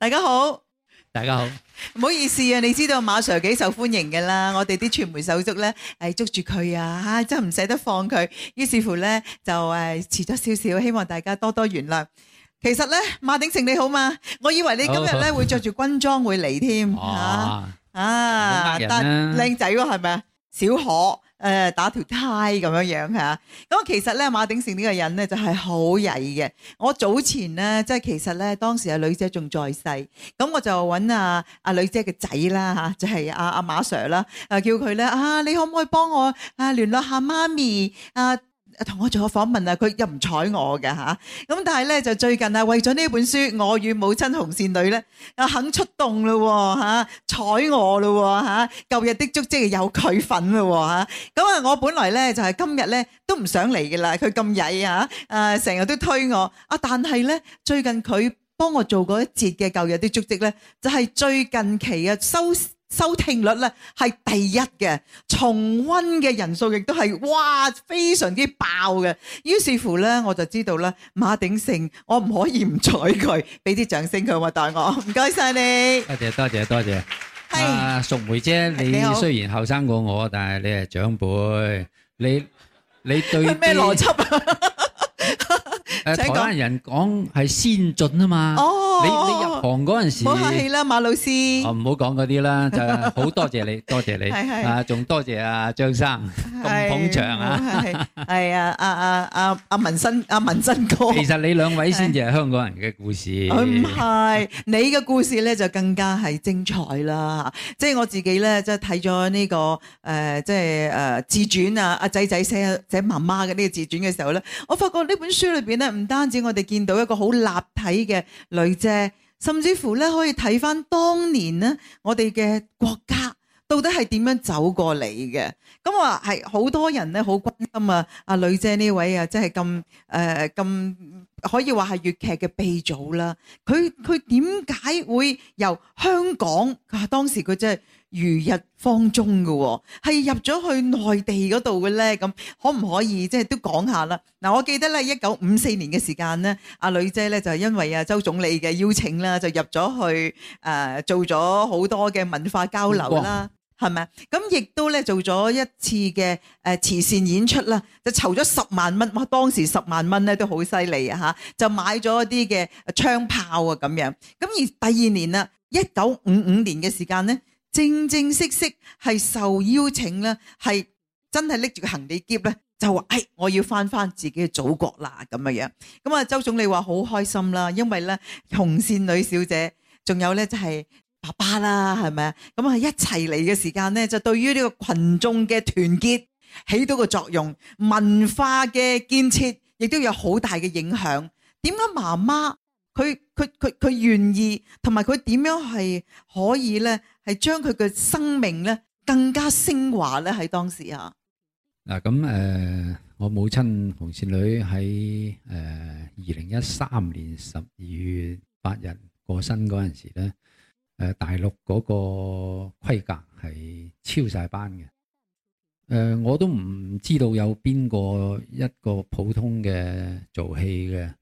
大家好，大家好，唔好意思啊！你知道馬 Sir 幾受歡迎嘅啦，我哋啲傳媒手足咧，誒捉住佢啊，真唔捨得放佢，於是乎咧就誒遲咗少少，希望大家多多原諒。其實咧，馬鼎盛你好嘛？我以為你今日咧會着住軍裝會嚟添吓啊，但靚仔喎係咪啊？小可。誒打條呔咁樣樣嚇，咁其實咧馬鼎盛呢個人咧就係好曳嘅。我早前咧即係其實咧當時阿女姐仲在世，咁我就揾阿阿女姐嘅仔啦嚇，就係阿阿馬 Sir 啦，誒叫佢咧啊，你可唔可以幫我啊聯絡下媽咪啊？同我做個訪問啊，佢又唔睬我嘅吓，咁但係咧就最近啊，為咗呢本書《我與母親紅線女》咧，又肯出動咯吓，睬我咯吓，舊日的足跡有佢份咯吓，咁啊我本來咧就係今日咧都唔想嚟噶啦，佢咁曳啊，誒成日都推我，啊但係咧最近佢幫我做過一節嘅舊日的足跡咧，就係最近期啊收收聽率咧係第一嘅，重溫嘅人數亦都係，哇，非常之爆嘅。於是乎咧，我就知道啦，馬鼎盛，我唔可以唔睬佢，俾啲掌聲佢，我話代我，唔該晒你多，多謝多謝多謝。阿是、啊、淑梅姐，你雖然後生過我，但係你係長輩。你你對咩邏輯啊？誒台灣人講係先進啊嘛，哦、你你入行嗰陣時好客氣啦，馬老師。哦，唔好講嗰啲啦，就係好多謝你，多謝你。 係係啊仲多謝阿、啊、張生咁 是捧場啊。係啊啊啊啊啊！文新阿、啊、文新哥，其實你兩位先至係香港人嘅故事。佢唔係，你嘅故事咧就更加係精彩啦。即係 我自己咧、呢個，即係睇咗呢個誒，即係誒自傳啊。阿仔仔寫寫，寫媽媽嘅呢個自傳嘅時候咧，我發覺呢本書裏邊。唔單止我哋見到一個好立體嘅女姐，甚至乎咧可以睇返當年咧我哋嘅國家到底係點樣走過嚟嘅。咁我係好多人咧好關心啊，阿女姐呢位啊，即係咁誒咁可以話係粵劇嘅鼻祖啦。佢佢點解會由香港？佢、啊、係當時佢真係。如日方中嘅喎，哦，係入咗去內地嗰度嘅咧，咁可唔可以即係都講下啦？嗱，我記得咧，一九五四年嘅時間咧，阿女姐咧就係因為啊周總理嘅邀請啦，就入咗去誒、呃、做咗好多嘅文化交流啦，係咪啊？咁亦都咧做咗一次嘅誒慈善演出啦，就籌咗十萬蚊，哇！當時十萬蚊咧都好犀利啊嚇，就買咗一啲嘅槍炮啊咁樣。咁而第二年啦，一九五五年嘅時間咧。正正式式係受邀請啦，係真係拎住個行李箧咧，就話：哎，我要返返自己嘅祖國啦，咁樣樣。咁啊，周總理話好開心啦，因為咧，紅線女小姐，仲有咧就係爸爸啦，係咪啊？咁啊，一齊嚟嘅時間咧，就對於呢個群眾嘅團結起到個作用，文化嘅建設亦都有好大嘅影響。點解媽媽？佢佢佢佢願意，同埋佢點樣係可以咧，係將佢嘅生命咧更加升華咧。喺當時啊，嗱咁誒，我母親紅線女喺誒二零一三年十二月八日過身嗰陣時咧，誒、呃、大陸嗰個規格係超晒班嘅。誒、呃，我都唔知道有邊個一個普通嘅做戲嘅。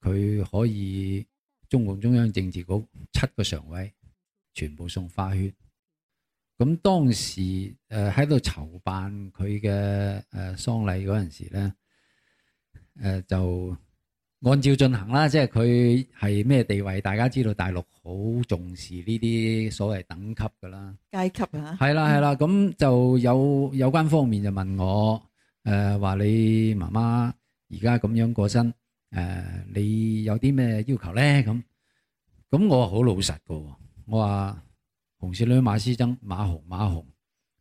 佢可以中共中央政治局七個常委全部送花圈。咁當時誒喺度籌辦佢嘅誒喪禮嗰陣時咧，誒、呃、就按照進行啦，即係佢係咩地位，大家知道大陸好重視呢啲所謂等級噶啦階級啊，係啦係啦，咁就有有關方面就問我誒話、呃、你媽媽而家咁樣過身。誒、呃，你有啲咩要求咧？咁咁，我好老實噶我話紅線女馬師曾，馬鴻馬鴻，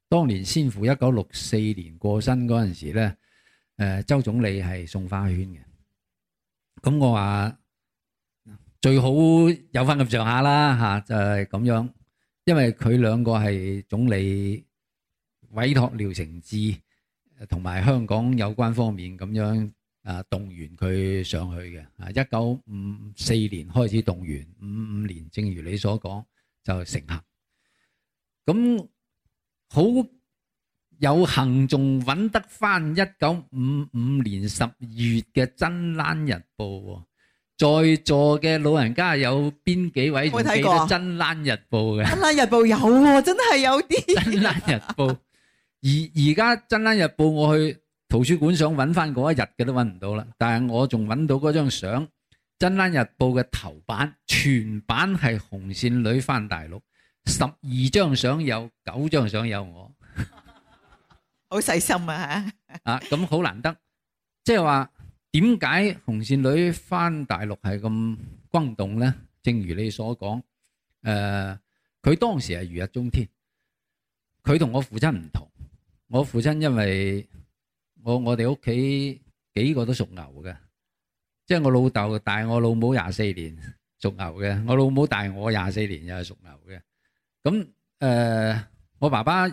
當年先父一九六四年過身嗰陣時咧，誒、呃，周總理係送花圈嘅。咁我話最好有翻咁上下啦吓、啊，就係、是、咁樣，因為佢兩個係總理委託廖承志同埋香港有關方面咁樣。啊！動員佢上去嘅啊！一九五四年開始動員，五五年正如你所講就成行。咁好有幸仲揾得翻一九五五年十月嘅《真蘭日報》喎，在座嘅老人家有邊幾位我睇過《真蘭日報》嘅？《真蘭日報》有喎，真係有啲《真蘭日報》。而而家《真蘭日報》，我去。圖書館想揾翻嗰一日嘅都揾唔到啦，但係我仲揾到嗰張相，《真嵐日報》嘅頭版全版係紅線女翻大陸，十二張相有九張相有我， 好細心啊 啊咁好難得，即係話點解紅線女翻大陸係咁轟動咧？正如你所講，誒、呃，佢當時係如日中天，佢同我父親唔同，我父親因為。我我哋屋企幾個都屬牛嘅，即係我老豆大我老母廿四年屬牛嘅，我老母大我廿四年又係屬牛嘅。咁誒，我爸爸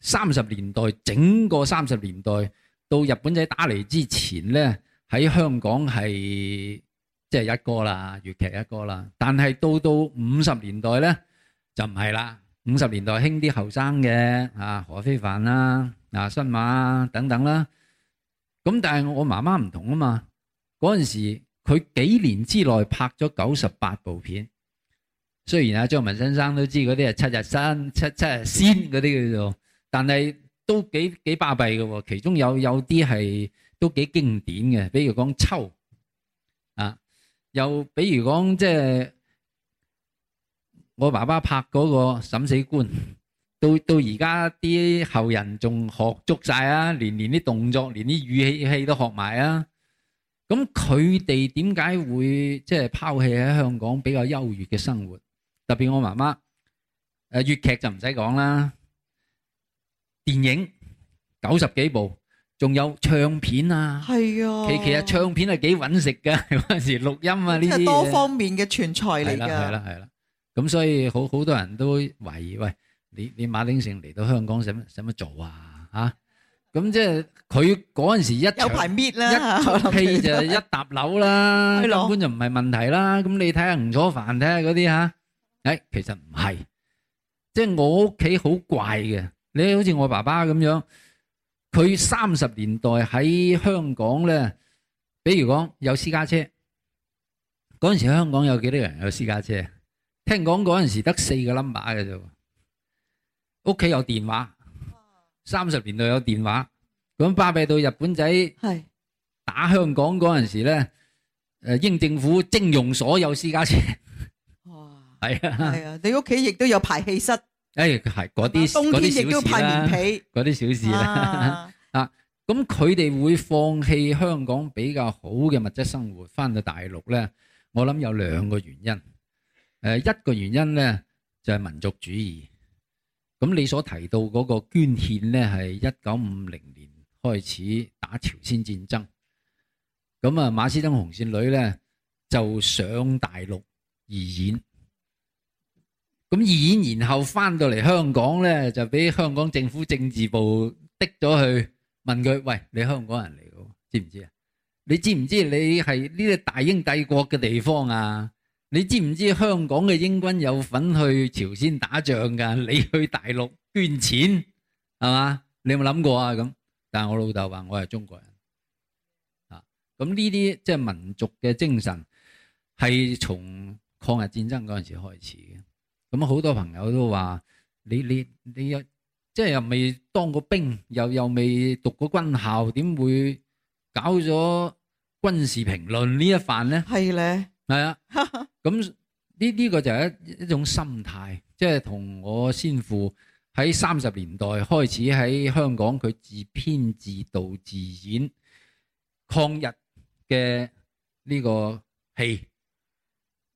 三十年代，整個三十年代到日本仔打嚟之前咧，喺香港係即係一哥啦，粵劇一哥啦。但係到到五十年代咧就唔係啦，五十年代興啲後生嘅啊，何非凡啦、啊新馬等等啦。咁但係我媽媽唔同啊嘛，嗰陣時佢幾年之內拍咗九十八部片，雖然阿、啊、張文先生都知嗰啲係七日鮮、七七日鮮嗰啲叫做，但係都幾幾巴閉嘅，其中有有啲係都幾經典嘅，比如講秋，啊，又比如講即係我爸爸拍嗰個審死官。到到而家啲後人仲學足晒啊！連連啲動作，連啲語氣氣都學埋啊！咁佢哋點解會即係拋棄喺香港比較優越嘅生活？特別我媽媽，誒粵劇就唔使講啦，電影九十幾部，仲有唱片啊！係啊，其其實唱片係幾搵食噶，嗰陣時錄音啊呢啲。即係多方面嘅全才嚟噶。係啦係啦係啦，咁所以好好多人都懷疑喂。你你馬鼎盛嚟到香港使乜使乜做啊？吓，咁即係佢嗰陣時一場搣啦，一劈就一搭樓啦，根本就唔係問題啦。咁你睇下吳楚帆，睇下嗰啲吓，誒，其實唔係，即係我屋企好怪嘅。你好似我爸爸咁樣，佢三十年代喺香港咧，比如講有私家車，嗰陣時香港有幾多人有私家車？聽講嗰陣時得四個 number 嘅啫。屋企有電話，三十、啊、年代有電話，咁巴閉到日本仔係打香港嗰陣時咧，誒是，英政府徵用所有私家車，係哇啊，係啊，你屋企亦都有排氣室，誒、哎，係嗰啲冬天亦都派棉被嗰啲小事啦，嗰啲小事啦，啊，咁佢哋會放棄香港比較好嘅物質生活，翻到大陸咧，我諗有兩個原因，誒、呃，一個原因咧就係、是、民族主義。咁你所提到嗰個捐獻咧，係一九五零年開始打朝鮮戰爭，咁啊馬師曾紅線女咧就上大陸義演，咁義演然後翻到嚟香港咧就俾香港政府政治部的咗去問佢，喂，你香港人嚟嘅，知唔知啊？你知唔知你係呢個大英帝國嘅地方啊？你知唔知香港嘅英軍有份去朝鮮打仗噶？你去大陸捐錢係嘛？你有冇諗過啊？咁但係我老豆話我係中國人啊！咁呢啲即係民族嘅精神係從抗日戰爭嗰陣時開始嘅。咁啊，好多朋友都話你你你又即係又未當過兵，又又未讀過軍校，點會搞咗軍事評論呢一番呢？係咧。係啊，咁呢，呢個就係一一種心態，即係同我先父喺三十年代開始喺香港，佢自編自導自演抗日嘅呢個戲。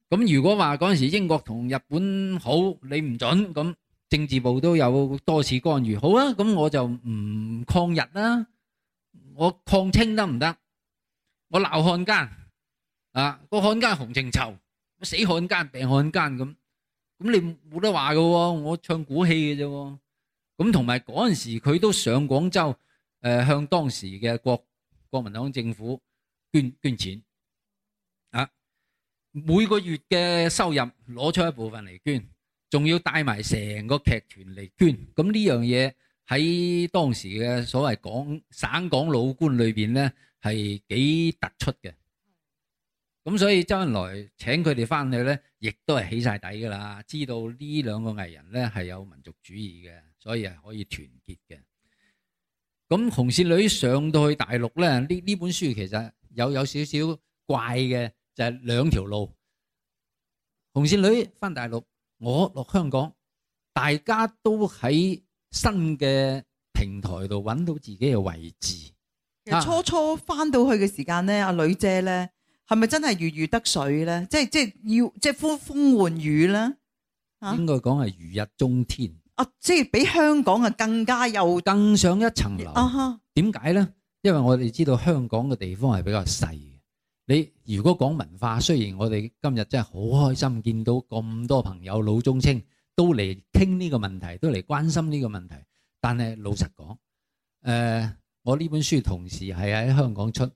咁如果話嗰陣時英國同日本好，你唔准咁，政治部都有多次干預。好啊，咁我就唔抗日啦，我抗清得唔得？我鬧漢奸。啊！個漢奸紅情仇，死漢奸病漢奸咁，咁你冇得話㗎喎！我唱古戲嘅啫，咁同埋嗰陣時佢都上廣州，誒向當時嘅國國民黨政府捐捐錢，啊每個月嘅收入攞出一部分嚟捐，仲要帶埋成個劇團嚟捐，咁呢樣嘢喺當時嘅所謂港省港老官裏邊咧係幾突出嘅。咁所以周恩來請佢哋翻去咧，亦都係起晒底噶啦。知道呢兩個藝人咧係有民族主義嘅，所以係可以團結嘅。咁紅線女上到去大陸咧，呢呢本書其實有有少少怪嘅，就係、是、兩條路。紅線女翻大陸，我落香港，大家都喺新嘅平台度揾到自己嘅位置。初初翻到去嘅時間咧，阿女、啊、姐咧。係咪真係如魚得水咧？即係即係要即係呼風喚雨咧？應該講係如日中天。啊，即係比香港啊更加又更上一層樓。啊哈？點解咧？因為我哋知道香港嘅地方係比較細嘅。你如果講文化，雖然我哋今日真係好開心見到咁多朋友老中青都嚟傾呢個問題，都嚟關心呢個問題。但係老實講，誒，我呢本書同時係喺香港出。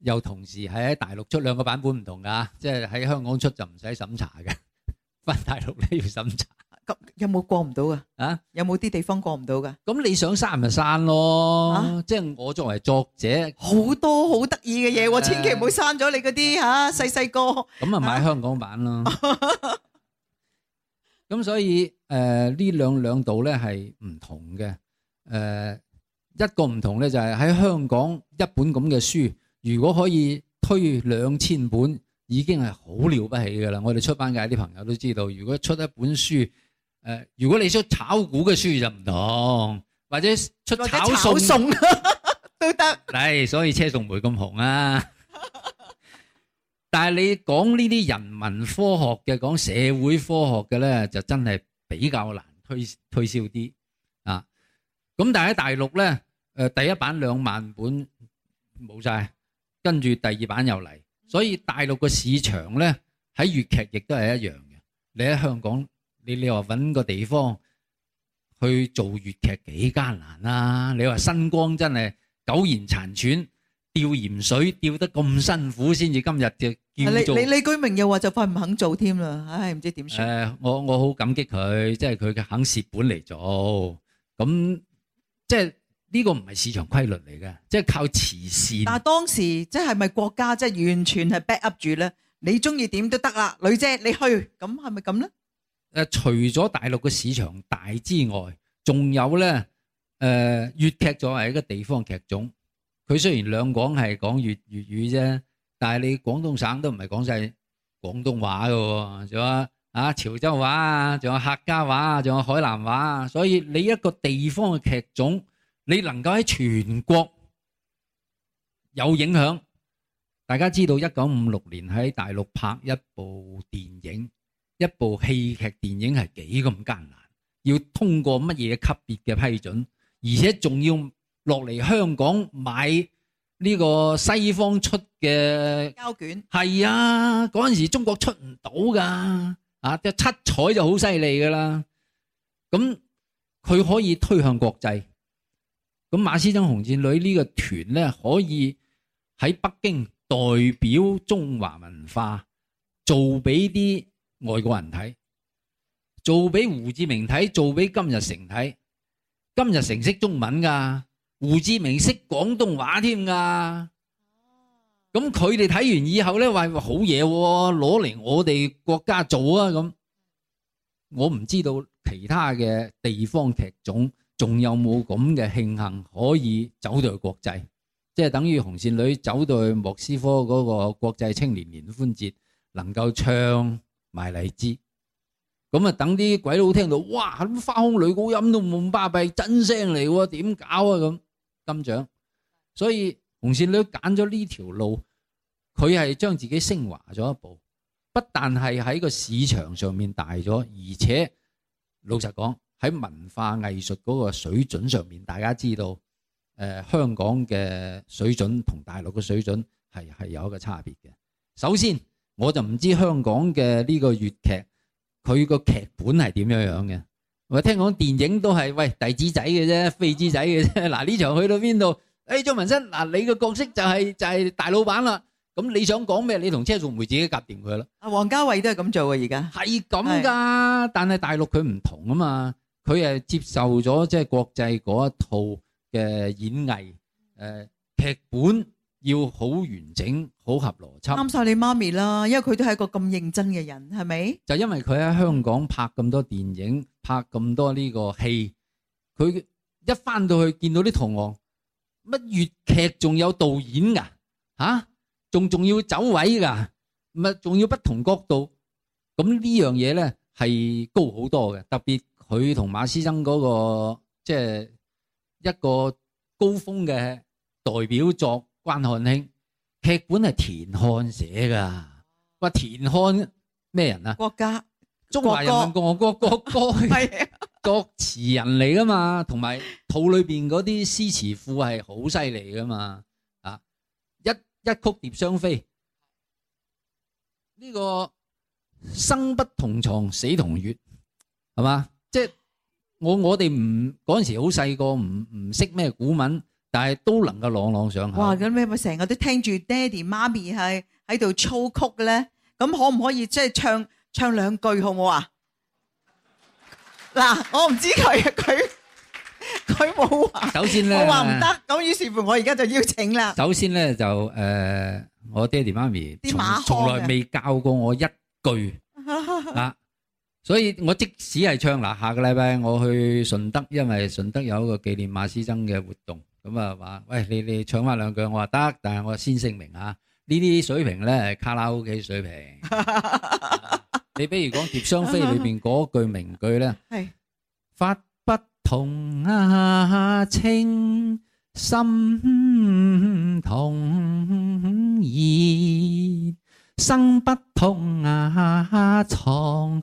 又同時喺大陸出，兩個版本唔同㗎，即係喺香港出就唔使審查嘅，翻大陸你要審查。咁有冇過唔到啊？啊，有冇啲地方過唔到㗎？咁你想刪咪刪咯，即係我作為作者，好多好得意嘅嘢，千祈唔好刪咗你嗰啲嚇，細細個。咁啊，買香港版咯。咁所以誒呢兩兩度咧係唔同嘅，誒一個唔同咧就係喺香港一本咁嘅書，如果可以推兩千本，已經係好了不起噶啦！我哋出版界啲朋友都知道，如果出一本書，誒、呃，如果你想炒股嘅書就唔同，或者出炒餸都得。係，所以車淑梅咁紅啊！但係你講呢啲人文科學嘅，講社會科學嘅咧，就真係比較難推推銷啲啊。咁但係喺大陸咧，誒、呃，第一版兩萬本冇晒。跟住第二版又嚟，所以大陸個市場咧喺粵劇亦都係一樣嘅。你喺香港，你你話揾個地方去做粵劇幾艱難啊？你話新光真係苟延殘喘，吊鹽水吊得咁辛苦先至今日就。你你你居明又話就快唔肯做添啦，唉，唔知點算。誒，我我好感激佢，即係佢肯蝕本嚟做，咁即係。呢個唔係市場規律嚟嘅，即係靠慈善。但係當時即係咪國家即係完全係 back up 住咧？你中意點都得啦，女姐你去，咁係咪咁咧？誒，除咗大陸嘅市場大之外，仲有咧誒，粵劇作為一個地方劇種，佢雖然兩廣係講粵粵語啫，但係你廣東省都唔係講晒廣東話嘅喎，係嘛？啊，潮州話啊，仲有客家話啊，仲有海南話啊，所以你一個地方嘅劇種。你能夠喺全國有影響，大家知道一九五六年喺大陸拍一部電影，一部戲劇電影係幾咁艱難，要通過乜嘢級別嘅批准，而且仲要落嚟香港買呢個西方出嘅膠卷，係啊，嗰陣時中國出唔到噶，啊，即係七彩就好犀利噶啦，咁佢可以推向國際。咁馬師曾《紅線女》呢個團咧，可以喺北京代表中華文化，做俾啲外國人睇，做俾胡志明睇，做俾金日成睇。金日成識中文噶，胡志明識廣東話添噶。咁佢哋睇完以後咧，話好嘢，攞嚟、哦、我哋國家做啊咁。我唔知道其他嘅地方劇種仲有冇咁嘅慶幸可以走到去國際，即係等於紅線女走到去莫斯科嗰個國際青年年歡節，能夠唱埋「荔枝」，咁啊等啲鬼佬聽到，哇，花腔女高音都冇巴閉，真聲嚟喎，點搞啊？咁金獎，所以紅線女揀咗呢條路，佢係將自己升華咗一步，不但係喺個市場上面大咗，而且老實講。喺文化藝術嗰個水準上面，大家知道，誒香港嘅水準同大陸嘅水準係係有一個差別嘅。首先，我就唔知香港嘅呢個粵劇，佢個劇本係點樣樣嘅？我聽講電影都係喂弟子仔嘅啫，非子仔嘅啫。嗱呢場去到邊度？誒張文新嗱，你嘅角色就係就係大老闆啦。咁你想講咩？你同車仲梅自己夾掂佢啦。阿王家衞都係咁做嘅，而家係咁㗎。但係大陸佢唔同啊嘛。佢係接受咗即係國際嗰一套嘅演藝，誒劇本要好完整、好合邏輯。啱晒你媽咪啦，因為佢都係一個咁認真嘅人，係咪？就因為佢喺香港拍咁多電影、拍咁多呢個戲，佢一返到去見到啲同行，乜粵劇仲有導演㗎吓，仲仲要走位㗎，唔係仲要不同角度，咁呢樣嘢咧係高好多嘅，特別。佢同馬師曾嗰個即係一個高峰嘅代表作《關漢卿》，劇本係田漢寫噶。話田漢咩人啊？國家、中華人民共和國國歌係國詞人嚟噶嘛？同埋肚裏邊嗰啲詩詞庫係好犀利噶嘛？啊，一一曲蝶雙飛，呢個生不同牀，死同月，係嘛？即係我我哋唔嗰陣時好細個，唔唔識咩古文，但係都能夠朗朗上口。哇！咁你咪成日都聽住爹哋媽咪係喺度操曲嘅咧？咁可唔可以即係、就是、唱唱兩句好唔好啊？嗱，我唔知佢佢佢冇話。 首先咧，我話唔得。咁於是乎我，我而家就邀請啦。首先咧就誒、呃，我爹哋媽咪啲馬從從來未教過我一句啊。所以我即使係唱嗱，下個禮拜我去順德，因為順德有一個紀念馬師曾嘅活動，咁啊話，喂，你你唱翻兩句，我話得，但係我先聲明啊，呢啲水平咧係卡拉 O.K. 水平。 啊、你比如講《蝶雙飛》裏邊嗰句名句咧，係發 是不同啊，清心同意；生不同啊，藏。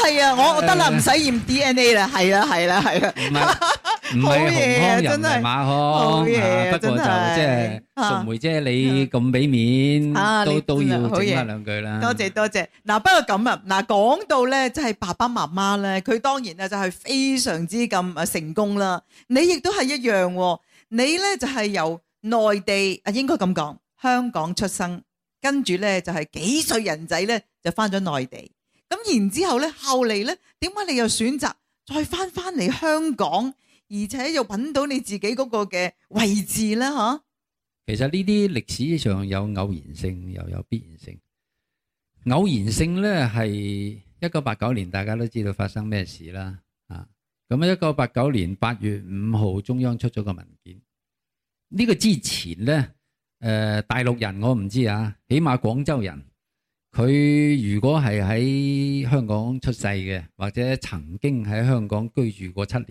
係啊，我我得啦，唔使驗 DNA 啦，係啦，係啦，係啦。唔係，好嘢啊，真係。馬康，好嘢啊，不過就即係淑梅姐，即係你咁俾面，都都要整翻兩句啦。多謝多謝。嗱，不過咁啊，嗱，講到咧，即係爸爸媽媽咧，佢當然啊就係非常之咁啊成功啦。你亦都係一樣，你咧就係由內地啊，應該咁講，香港出生，跟住咧就係幾歲人仔咧就翻咗內地。咁然之後咧，後嚟咧，點解你又選擇再翻翻嚟香港，而且又揾到你自己嗰個嘅位置啦？吓，其實呢啲歷史上有偶然性，又有必然性。偶然性咧係一九八九年，大家都知道發生咩事啦。啊，咁啊，一九八九年八月五號，中央出咗個文件。呢個之前咧，誒，大陸人我唔知啊，起碼廣州人。佢如果係喺香港出世嘅，或者曾經喺香港居住過七年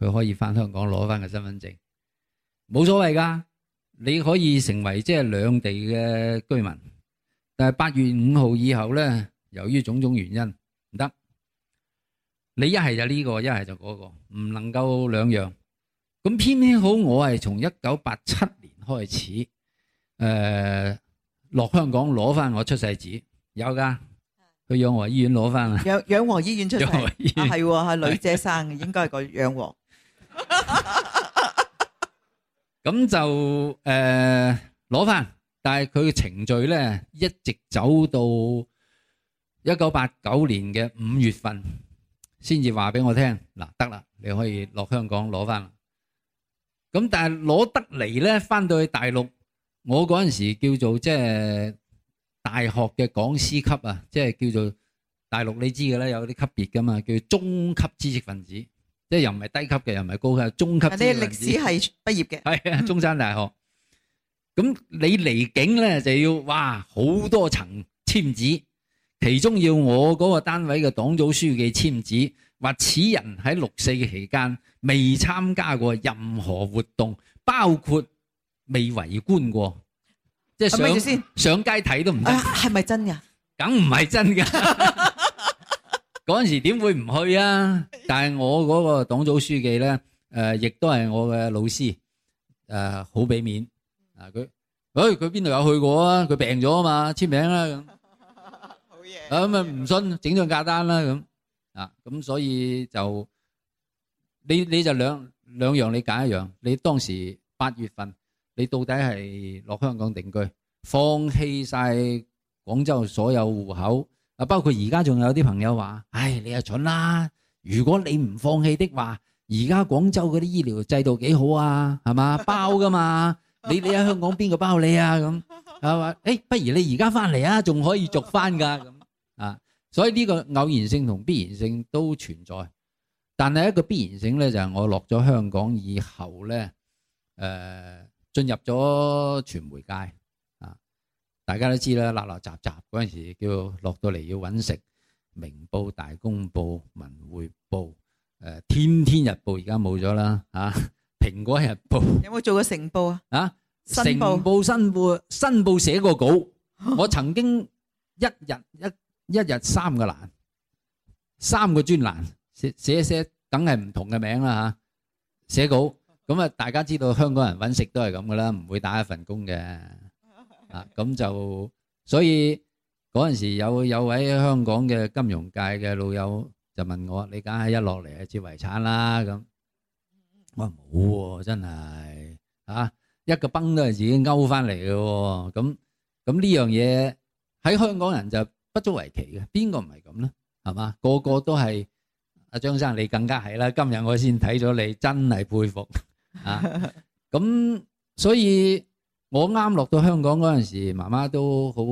嘅，佢可以翻香港攞翻個身份證，冇所謂噶。你可以成為即係兩地嘅居民，但係八月五號以後咧，由於種種原因唔得。你一係就呢個，一係就嗰個，唔能夠兩樣。咁偏偏好，我係從一九八七年開始，誒、呃。落香港攞翻我出世紙有噶，去養和醫院攞翻啦。養養和醫院出世啊，係係女仔生嘅，應該係個養和。咁就誒攞翻，但係佢嘅程序咧，一直走到一九八九年嘅五月份，先至話俾我聽嗱，得啦，你可以落香港攞翻啦。咁但係攞得嚟咧，翻到去大陸。我嗰陣時叫做即係大學嘅講師級啊，即係叫做大陸你知嘅啦，有啲級別噶嘛，叫中級知識分子，即係又唔係低級嘅，又唔係高級，中級知識分子，歷史系畢業嘅？係中山大學。咁、嗯、你離境咧就要哇好多層簽字，其中要我嗰個單位嘅黨組書記簽字，話此人喺六四嘅期間未參加過任何活動，包括。未圍觀過，即係上上街睇都唔得。係咪真噶？梗唔係真噶。嗰陣時點會唔去啊？但係我嗰個黨組書記咧，誒，亦都係我嘅老師，誒，好俾面。啊，佢，誒，佢邊度有去過啊？佢病咗啊嘛，簽名啦咁。好嘢。咁啊，唔信，整張假單啦咁。啊，咁所以就你你就兩兩樣，你揀一樣。你當時八月份。你到底係落香港定居，放棄晒廣州所有戶口啊！包括而家仲有啲朋友話：，唉，你呀蠢啦！如果你唔放棄的話，而家廣州嗰啲醫療制度幾好啊，係嘛？包噶嘛？你你喺香港邊個包你啊？咁係嘛？誒，不如你而家翻嚟啊，仲可以續翻噶咁啊！所以呢個偶然性同必然性都存在，但係一個必然性咧，就係我落咗香港以後咧，誒。進入咗傳媒界啊！大家都知啦，垃垃雜雜嗰陣時叫落到嚟，要揾食。《明報》《大公報》《文匯報》誒，《天天日報》而家冇咗啦。啊，《蘋果日報》有冇做過《成報》啊？啊，《成報》《新報》《新報》寫過稿。我曾經一日一一日三個欄，三個專欄，寫寫一寫，梗係唔同嘅名啦吓，寫稿。咁啊！大家知道香港人揾食都係咁噶啦，唔會打一份工嘅啊！咁就所以嗰陣時有有位香港嘅金融界嘅老友就問我：你梗係一落嚟係接遺產啦咁。我話冇喎，真係啊！一個崩都係自己勾翻嚟嘅喎。咁咁呢樣嘢喺香港人就不足為奇嘅，邊個唔係咁咧？係嘛？個個都係。阿張生，你更加係啦。今日我先睇咗你，真係佩服。啊，咁所以我啱落到香港嗰陣時，媽媽都好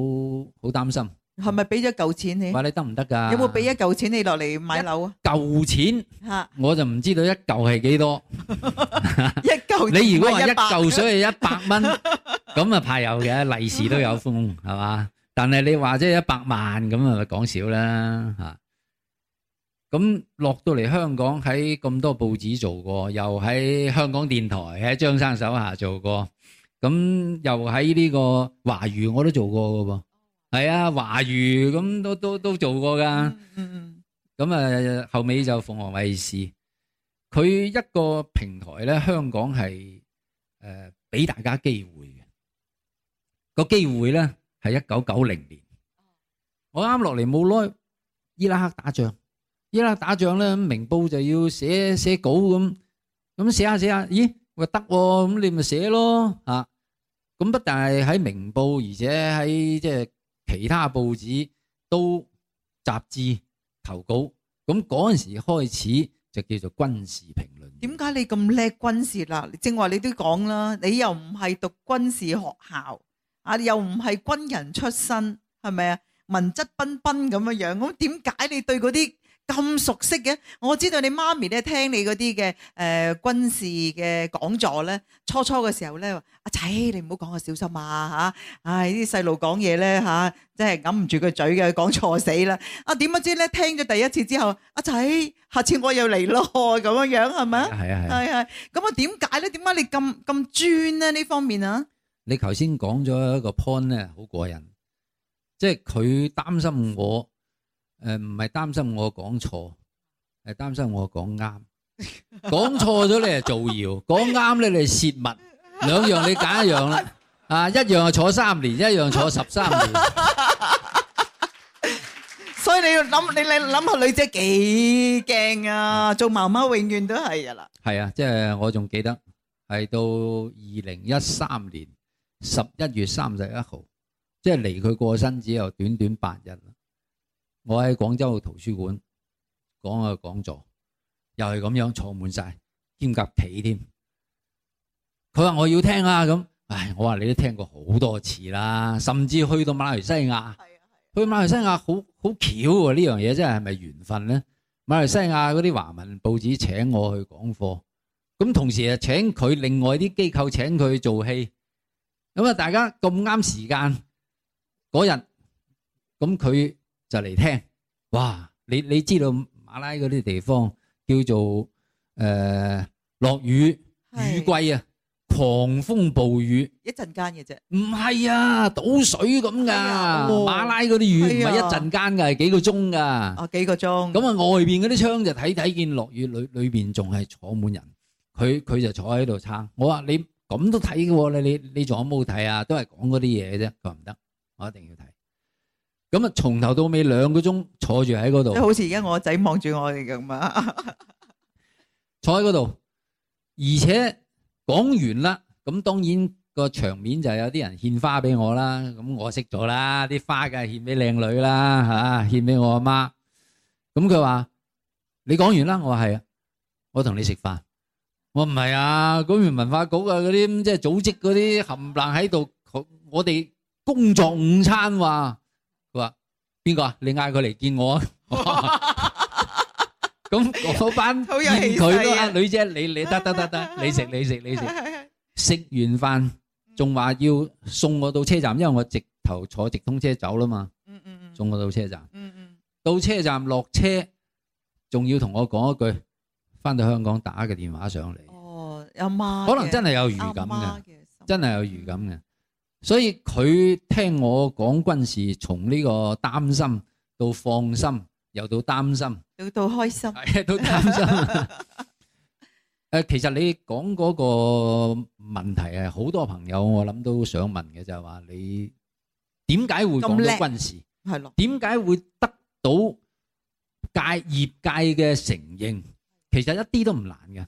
好擔心。係咪俾咗舊錢你？話你得唔得噶？有冇俾一舊錢你落嚟買樓啊？舊錢，我就唔知道一舊係幾多。一舊，你如果話一舊水係一百蚊，咁啊怕有嘅利是都有封，係嘛？但係你話即係一百萬，咁啊咪講少啦吓。咁落到嚟香港喺咁多報紙做過，又喺香港電台喺張生手下做過，咁又喺呢個華娛我都做過噶噃，係啊，華娛咁都都都做過噶。咁啊後尾就鳳凰衛視，佢一個平台咧，香港係誒俾大家機會嘅，個機會咧係一九九零年，我啱落嚟冇耐伊拉克打仗。依家打仗咧，明報就要寫寫稿咁，咁寫下寫下，咦，話得喎，咁你咪寫咯，嚇。咁不但係喺明報，而且喺即係其他報紙都雜誌投稿。咁嗰陣時開始就叫做軍事評論。點解你咁叻軍事啦？正話你都講啦，你又唔係讀軍事學校，啊，又唔係軍人出身，係咪啊？文質彬彬咁樣樣，咁點解你對嗰啲？咁熟悉嘅？我知道你媽咪咧，聽你嗰啲嘅誒軍事嘅講座咧，初初嘅時候咧，阿仔你唔好講啊，我小心啊吓、啊，唉呢啲細路講嘢咧吓，真係揞唔住個嘴嘅，講錯死啦。啊點不知咧，聽咗第一次之後，阿、啊、仔下次我又嚟咯，咁樣樣，係咪啊？係啊係。係係，咁啊點解咧？點解你咁咁專呢呢方面啊？啊啊你頭先講咗一個 point 咧，好過癮，即係佢擔心我。誒，唔係擔心我講錯，係擔心我講啱。講錯咗你係造謠，講啱咧你係泄密，兩樣你揀一樣啦。啊，一樣坐三年，一樣坐十三年。所以你要諗，你你諗下女姐幾驚啊？做媽媽永遠都係啊啦。係啊，即係我仲記得係到二零一三年十一月三十一號，即係離佢過身只有短短八日啦。我喺廣州嘅圖書館講個講座，又係咁樣坐滿晒，兼夾皮添。佢話我要聽啊，咁，唉，我話你都聽過好多次啦，甚至去到馬來西亞，去馬來西亞好好巧啊！呢樣嘢真係係咪緣分咧？馬來西亞嗰啲華文報紙請我去講課，咁同時啊，請佢另外啲機構請佢去做戲，咁啊，大家咁啱時間嗰日，咁佢。就嚟聽，哇！你你知道馬拉嗰啲地方叫做誒落雨雨季啊，狂風暴雨，一陣間嘅啫，唔係啊，倒水咁噶。馬拉嗰啲雨唔係一陣間噶，係幾個鐘噶。哦，幾個鐘咁啊，外邊嗰啲窗就睇睇見落雨，裏裏邊仲係坐滿人，佢佢就坐喺度撐。我話你咁都睇嘅咧，你你仲有冇睇啊？都係講嗰啲嘢嘅啫。佢話唔得，我一定要睇。咁啊，從頭到尾兩個鐘坐住喺嗰度，好似而家我仔望住我哋咁啊，坐喺嗰度，而且講完啦。咁當然個場面就有啲人獻花俾我啦。咁我識咗啦，啲花梗係獻俾靚女啦，嚇獻俾我阿媽。咁佢話：你講完啦。我話係啊，我同你食飯。我唔係啊，講完文化局嘅嗰啲，即係組織嗰啲冚唪唥喺度，我哋工作午餐話，邊個啊？你嗌佢嚟見我啊！咁嗰班見佢啦，女姐，你你得得得得，你食你食你食。食完飯仲話要送我到車站，因為我直頭坐直通車走啦嘛。嗯嗯嗯。送我到車站。嗯嗯。到車站落車，仲要同我講一句，翻到香港打個電話上嚟。哦，阿媽。可能真係有預感嘅，真係有預感嘅。所以佢聽我講軍事，從呢個擔心到放心，又到擔心，又到，到開心，又到擔心。誒，其實你講嗰個問題係好多朋友我諗都想問嘅就係話，你點解會講到軍事？係咯？點解會得到界業界嘅承認？其實一啲都唔難嘅，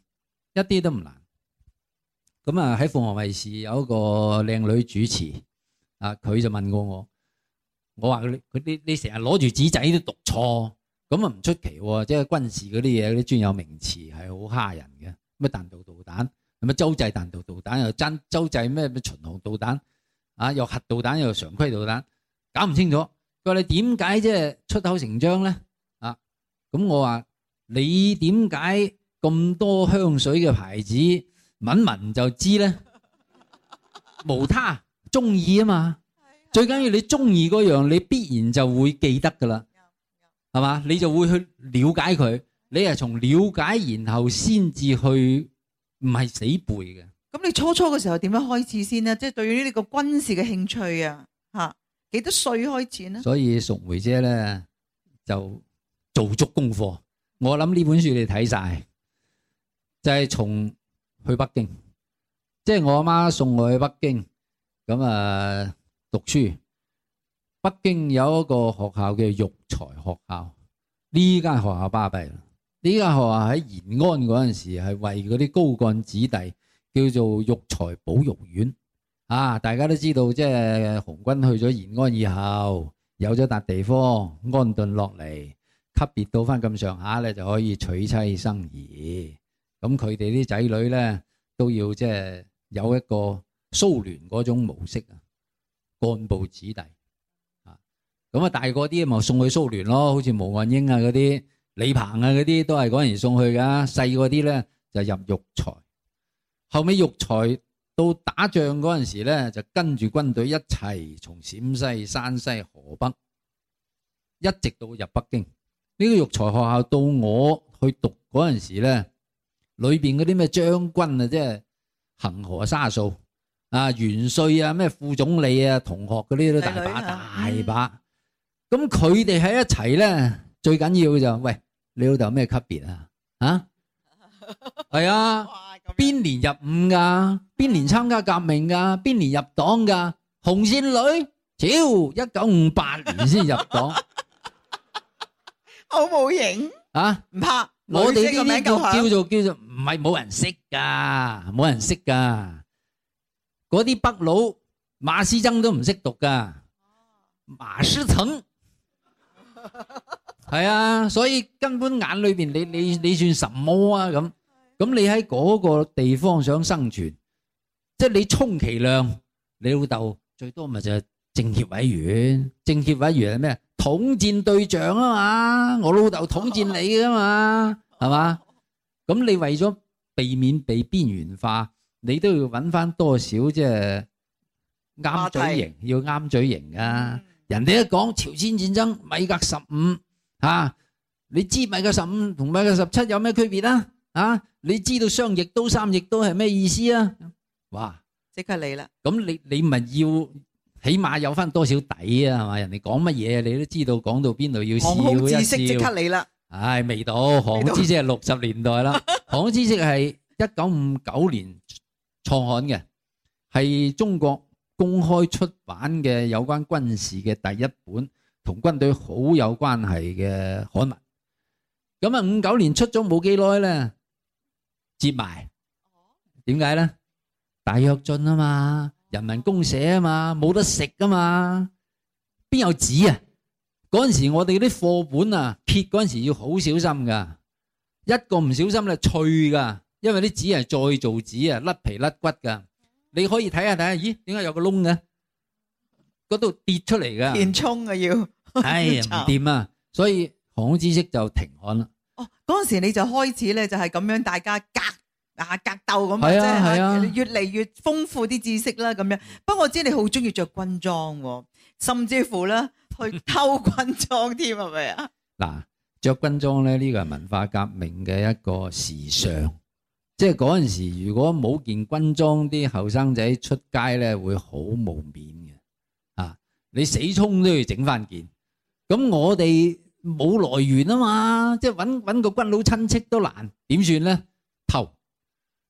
一啲都唔難。咁啊，喺鳳凰衛視有一個靚女主持，啊，佢就問過我，我話佢，佢你成日攞住紙仔都讀錯，咁啊唔出奇，哦，即係軍事嗰啲嘢，嗰啲專有名詞係好蝦人嘅，咩彈道導彈，咁咪洲際彈道導彈又爭洲際咩巡航導彈，啊，又核導彈又常規導彈，搞唔清楚，佢話你點解即係出口成章咧？啊，咁我話你點解咁多香水嘅牌子？問問就知咧，無他，中意啊嘛。的最緊要你中意嗰樣，你必然就會記得噶啦，係嘛？你就會去了解佢。你係從了解，然後先至去，唔係死背嘅。咁你初初嘅時候點樣開始先呢？即係對於呢個軍事嘅興趣啊，吓啊幾多歲開始呢？所以淑梅姐呢就做足功課。我諗呢本書你睇晒，就係從。去北京，即係我阿媽送我去北京咁啊，讀書。北京有一個學校叫育才學校，呢間學校巴閉。呢間學校喺延安嗰陣時係為嗰啲高幹子弟叫做育才保育院。啊，大家都知道，即係紅軍去咗延安以後，有咗笪地方安頓落嚟，級別到翻咁上下咧就可以娶妻生兒。咁佢哋啲仔女咧都要即係有一個蘇聯嗰種模式啊，幹部子弟啊，咁啊大個啲咪送去蘇聯咯，好似毛岸英啊嗰啲，李鵬啊嗰啲都係嗰陣時送去㗎。細個啲咧就入育才，後尾育才到打仗嗰陣時咧，就跟住軍隊一齊從陝西、山西、河北一直到入北京。呢個育才學校到我去讀嗰陣時咧。裏邊嗰啲咩將軍啊，即係恆河沙數啊，元帥啊，咩副總理啊，同學嗰啲都大把大把。咁佢哋喺一齊咧，最緊要就喂，你老豆咩級別啊？啊，係啊，邊年入伍噶？邊年參加革命噶？邊年入黨噶？紅線女，屌，一九五八年先入黨，好冇型啊？唔怕。我哋呢啲叫叫做叫做唔係冇人識噶，冇人識噶。嗰啲北佬馬師曾都唔識讀噶，馬師曾，係 啊，所以根本眼裏邊你你你算什麼啊？咁咁你喺嗰個地方想生存，即係你充其量你老豆最多咪就係政協委員，政協委員係咩？統戰對象啊嘛，我老豆統戰你噶嘛，係嘛？咁你為咗避免被邊緣化，你都要揾翻，多少即係啱嘴型，要啱嘴型㗎！人哋一講朝鮮戰爭，米格十五啊，你知米格十五同米格十七有咩區別啊？啊，你知道雙翼都三翼都係咩意思啊？哇！即刻嚟啦。咁你你咪要？起碼有翻多少底啊？係嘛，人哋講乜嘢你都知道，講到邊度要笑一笑。航空知識即刻你啦。唉，未到航空知識係六十年代啦。航空知識係一九五九年創刊嘅，係中國公開出版嘅有關軍事嘅第一本同軍隊好有關係嘅刊物。咁啊，五九年出咗冇幾耐咧，接埋。點解咧？大躍進啊嘛。人民公社啊嘛，冇得食啊嘛，邊有紙啊？嗰陣時我哋啲課本啊，揭嗰陣時要好小心噶，一個唔小心咧脆噶，因為啲紙係再造紙啊，甩皮甩骨噶。你可以睇下睇下，咦？點解有個窿嘅？嗰度跌出嚟噶，填充啊要，哎呀唔掂啊，所以航空知識就停刊啦。哦，嗰陣時你就開始咧，就係咁樣大家隔。啊，格鬥咁啊，即係越嚟越豐富啲知識啦。咁樣。不過，我知你好中意著軍裝喎，甚至乎咧去偷軍裝添，係咪啊？嗱，著軍裝咧，呢個係文化革命嘅一個時尚，即係嗰陣時如果冇件軍裝，啲後生仔出街咧會好冇面嘅啊！你死衝都要整翻件咁，我哋冇來源啊嘛，即係揾揾個軍佬親戚都難，點算咧？偷！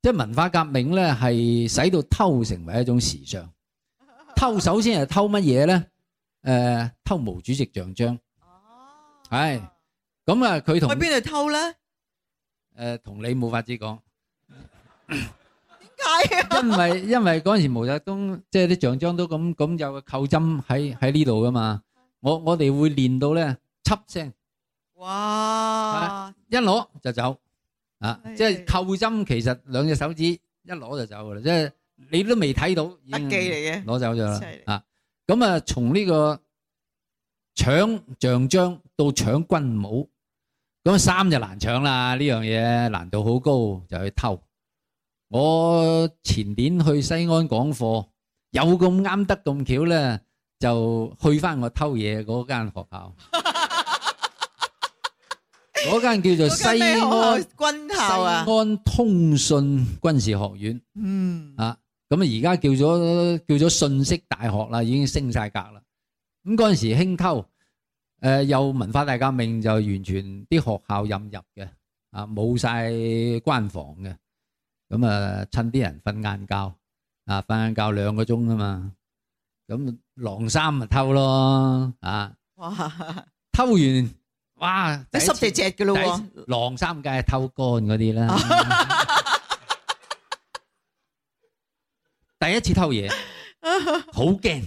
即係文化革命咧，係使到偷成為一種時尚。偷首先係偷乜嘢咧？誒，偷毛主席像章。哦。係。咁啊，佢同去邊度偷咧？誒，同你冇法子講。點解？因為因為嗰陣時毛澤東即係啲像章都咁咁有個扣針喺喺呢度噶嘛。我我哋會練到咧七聲。哇！一攞就走。啊，即係扣針，其實兩隻手指一攞就走噶啦，即係你都未睇到，筆記嚟嘅，攞走咗啦。啊，咁啊，從呢個搶像章到搶軍帽，咁衫就難搶啦，呢樣嘢難度好高，就去偷。我前年去西安講課，有咁啱得咁巧咧，就去返我偷嘢嗰間學校。 嗰間叫做西安軍校啊，西安通訊軍事學院。嗯，啊，咁啊，而家叫咗叫咗信息大學啦，已經升晒格啦。咁嗰陣時，輕偷，誒，有文化大革命就完全啲學校任入嘅，啊，冇晒關防嘅。咁啊，趁啲人瞓晏覺，啊，瞓晏覺兩個鐘啊嘛，咁狼衫咪偷咯，啊，哇，偷完。哇！得濕只只嘅咯，浪衫梗係偷乾嗰啲啦。第一次偷嘢，好驚。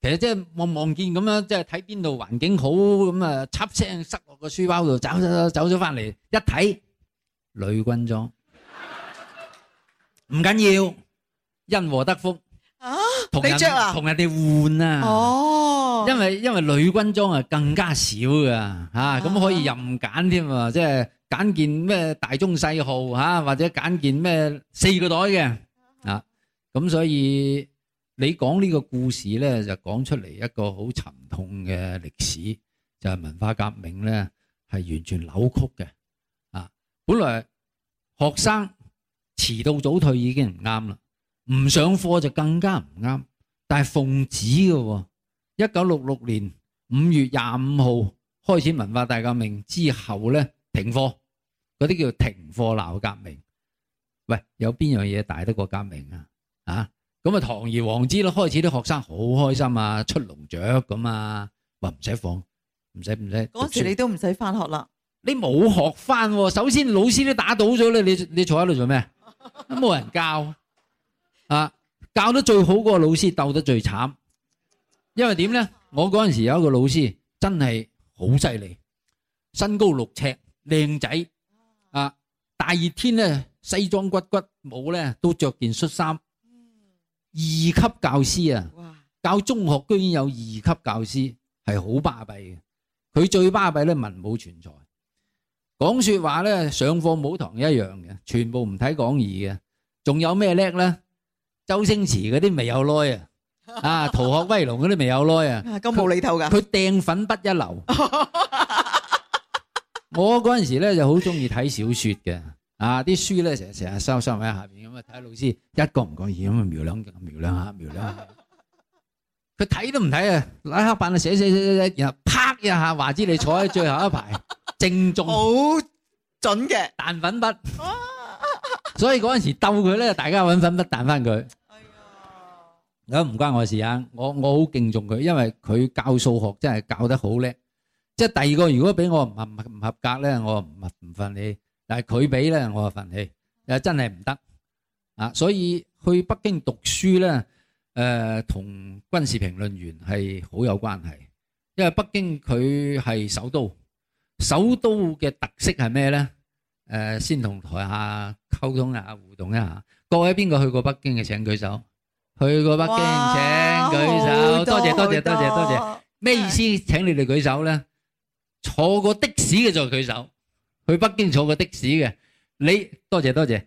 其實即係望望見咁樣，即係睇邊度環境好咁啊，插聲塞落個書包度，走走走咗翻嚟，一睇女軍裝，唔緊要，因禍得福。你着啊？同人哋換啊！哦，因為因為女軍裝啊更加少噶嚇，咁可以任揀添喎，即係揀件咩大中細號嚇，或者揀件咩四個袋嘅啊，咁所以你講呢個故事咧，就講出嚟一個好沉痛嘅歷史，就係文化革命咧係完全扭曲嘅啊！本來學生遲到早退已經唔啱啦。唔上課就更加唔啱，但係奉旨嘅喎。一九六六年五月廿五號開始文化大革命之後咧，停課嗰啲叫停課鬧革命。喂，有邊樣嘢大得過革命啊？啊，咁啊堂而皇之咯，開始啲學生好開心啊，出籠雀咁啊，話唔使放，唔使唔使。嗰時你都唔使返學啦，你冇學返喎、啊。首先老師都打倒咗咧，你你坐喺度做咩？都冇人教。 啊！教得最好嗰個老師鬥得最慘，因為點咧？我嗰陣時有一個老師真係好犀利，身高六尺，靚仔，啊！大熱天咧西裝骨骨，冇咧都着件恤衫。二級教師啊，教中學居然有二級教師，係好巴閉嘅。佢最巴閉咧文武全才，講說話咧上課冇堂一樣嘅，全部唔睇講義嘅。仲有咩叻咧？周星馳嗰啲未有耐啊，啊《逃學威龍》嗰啲未有耐啊，咁無厘頭㗎。佢掟粉筆一流。我嗰陣時咧就好中意睇小說嘅，啊啲書咧成日成日收收喺下邊咁啊，睇老師一個唔覺意咁啊，瞄兩下瞄兩下瞄兩下，佢睇都唔睇啊，喺黑板度寫寫寫寫寫，然後啪一下話知你坐喺最後一排，正中好準嘅，彈粉筆。所以嗰陣時鬥佢咧，大家揾粉筆彈翻佢。係啊，咁唔關我事啊！我我好敬重佢，因為佢教數學真係教得好叻。即係第二個，如果俾我唔唔唔合格咧，我唔唔憤氣。但係佢俾咧，我就憤氣。誒，真係唔得啊！所以去北京讀書咧，誒，同軍事評論員係好有關係，因為北京佢係首都。首都嘅特色係咩咧？誒，先同台下溝通一下，互動一下。各位邊個去過北京嘅，請舉手。去過北京請舉手，多謝多謝多謝多謝。咩多意思？請你哋舉手咧，唉坐過的士嘅就舉手。去北京坐過的士嘅，你多謝多謝。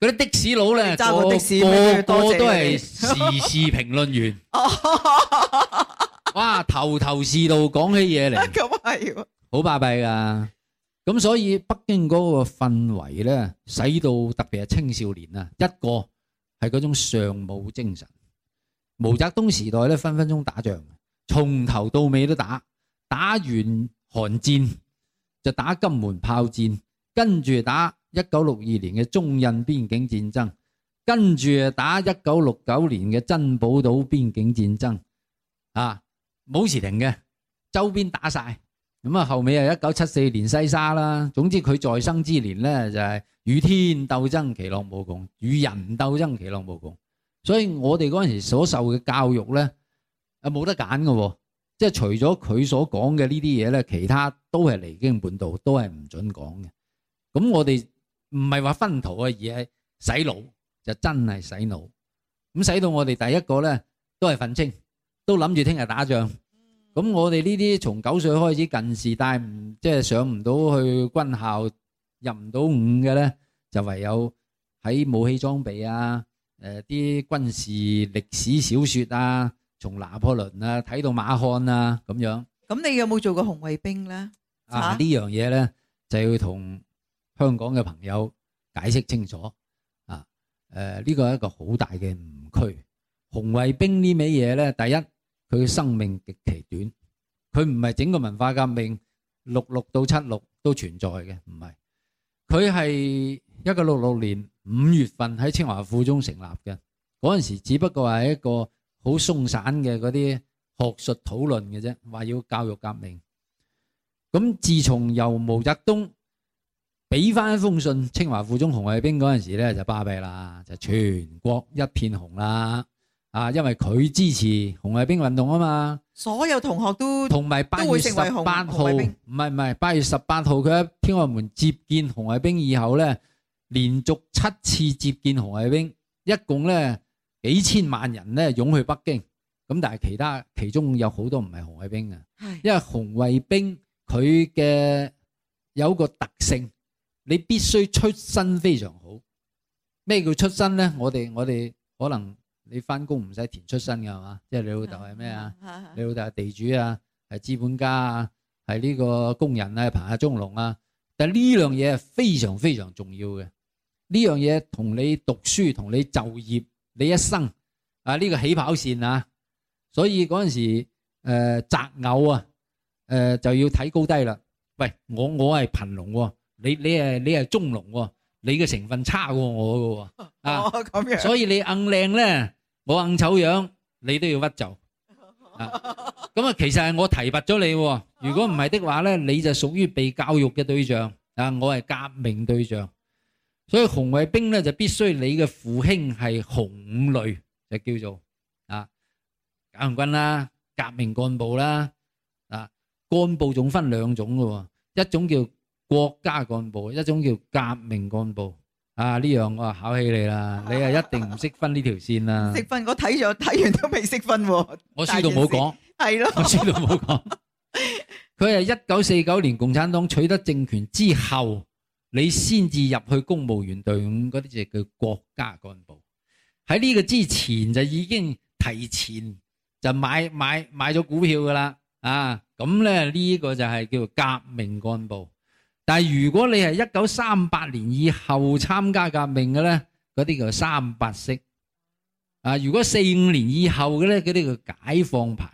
嗰啲的，的士佬咧，揸過的士個個個，個都係時事評論員。 哇，頭頭是道講，講起嘢嚟。咁係。好巴閉噶。咁所以北京嗰個氛圍呢，使到特別係青少年啊，一個係嗰種尚武精神。毛澤東時代呢，分分鐘打仗，從頭到尾都打，打完韓戰就打金門炮戰，跟住打一九六二年嘅中印邊境戰爭，跟住打一九六九年嘅珍寶島邊境戰爭，啊，冇時停嘅，周邊打晒。咁啊，後尾啊，一九七四年西沙啦。總之佢在生之年咧，就係與天鬥爭其樂無窮，與人鬥爭其樂無窮。所以我哋嗰陣時所受嘅教育咧，啊冇得揀噶，即係除咗佢所講嘅呢啲嘢咧，其他都係離經叛道，都係唔准講嘅。咁我哋唔係話薰陶啊，而係洗腦就真係洗腦。咁洗到我哋第一個咧，都係憤青，都諗住聽日打仗。咁我哋呢啲從九歲開始近視帶唔即係上唔到去軍校入唔到伍嘅咧，就唯有喺武器裝備啊、誒啲軍事歷史小説啊，從拿破崙啊睇到馬漢啊咁樣。咁你有冇做過紅衛兵咧？啊，呢樣嘢咧就要同香港嘅朋友解釋清楚啊！誒，呢個係一個好大嘅誤區。紅衛兵呢味嘢咧，第一。佢嘅生命極其短，佢唔係整個文化革命六六到七六都存在嘅，唔係。佢係一九六六年五月份喺清華附中成立嘅，嗰陣時只不過係一個好鬆散嘅嗰啲學術討論嘅啫，話要教育革命。咁自從由毛澤東俾翻一封信，清華附中紅衛兵嗰陣時咧就巴閉啦，就全國一片紅啦。啊，因為佢支持紅衛兵運動啊嘛，所有同學都同埋八月十八號，唔係唔係八月十八號，佢喺天安門接見紅衛兵以後咧，連續七次接見紅衛兵，一共咧幾千萬人咧湧去北京，咁但係其他其中有好多唔係紅衛兵嘅，係因為紅衛兵佢嘅有個特性，你必須出身非常好，咩叫出身咧？我哋我哋可能。你翻工唔使填出身嘅係嘛？即係你老豆係咩啊？ 你老豆係地主啊？係資本家啊？係呢個工人啊？係貧下中農啊？但呢樣嘢係非常非常重要嘅，呢樣嘢同你讀書、同你就業、你一生啊呢、呢個起跑線啊！所以嗰陣時誒擇、呃、偶啊誒、呃、就要睇高低啦。喂，我我係貧農、啊，你你係你係中農、啊。你嘅成分差過我嘅喎，啊，所以你硬靚咧，我硬醜樣，你都要屈就，啊，咁啊，其實係我提拔咗你喎。如果唔係的話咧，你就屬於被教育嘅對象，啊，我係革命對象，所以紅衛兵咧就必須你嘅父兄係紅五類，就叫做啊，革命軍啦，革命幹部啦，啊，幹部總分兩種嘅喎，一種叫，國家幹部，一種叫革命幹部啊。呢樣我話考起你啦， 你係一定唔 識分呢條線啦。識分，我睇咗睇完都未識分喎。 我書度冇講，係咯，我書度冇講。佢係一九四九年共產黨取得政權之後，你先至入去公務員隊伍嗰啲就叫國家幹部。喺呢個之前就已經提前就買買買咗股票噶啦。啊咁咧呢個就係叫革命幹部。但係如果你係一九三八年以後參加革命嘅咧，嗰啲叫三八式啊；如果四五年以後嘅咧，嗰啲叫解放牌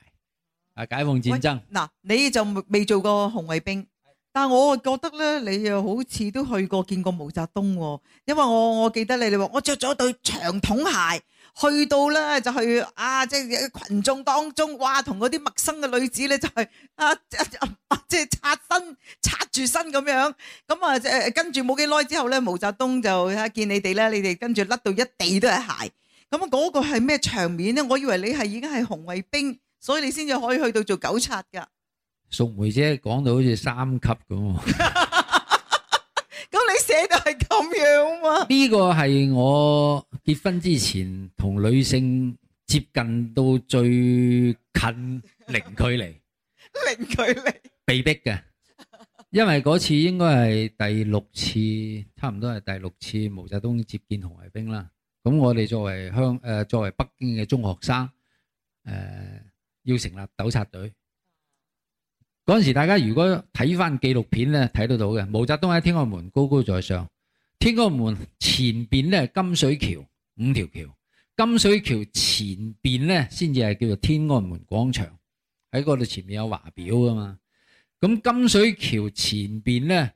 啊，解放戰爭。嗱，你就未做過紅衛兵，但係我覺得咧，你又好似都去過見過毛澤東喎，因為我我記得你你話我着咗對長筒鞋。去到咧就去啊！即係群眾當中，哇，同嗰啲陌生嘅女子咧就係啊，即係擦身，擦住身咁樣。咁啊，誒跟住冇幾耐之後咧，毛澤東就一見你哋咧，你哋跟住甩到一地都係鞋。咁嗰個係咩場面咧？我以為你係已經係紅衛兵，所以你先至可以去到做狗擦㗎。淑梅姐講到好似三級咁 寫到係咁樣嘛？呢個係我結婚之前同女性接近到最近零距離。零距離？被逼嘅，因為嗰次應該係第六次，差唔多係第六次毛澤東接見紅衛兵啦。咁我哋作為鄉誒、呃，作為北京嘅中學生，誒、呃，要成立糾察隊。嗰陣時，大家如果睇翻紀錄片咧，睇得到嘅。毛澤東喺天安門高高在上，天安門前邊咧，金水橋五條橋，金水橋前邊咧先至係叫做天安門廣場。喺嗰度前面有華表噶嘛。咁金水橋前邊咧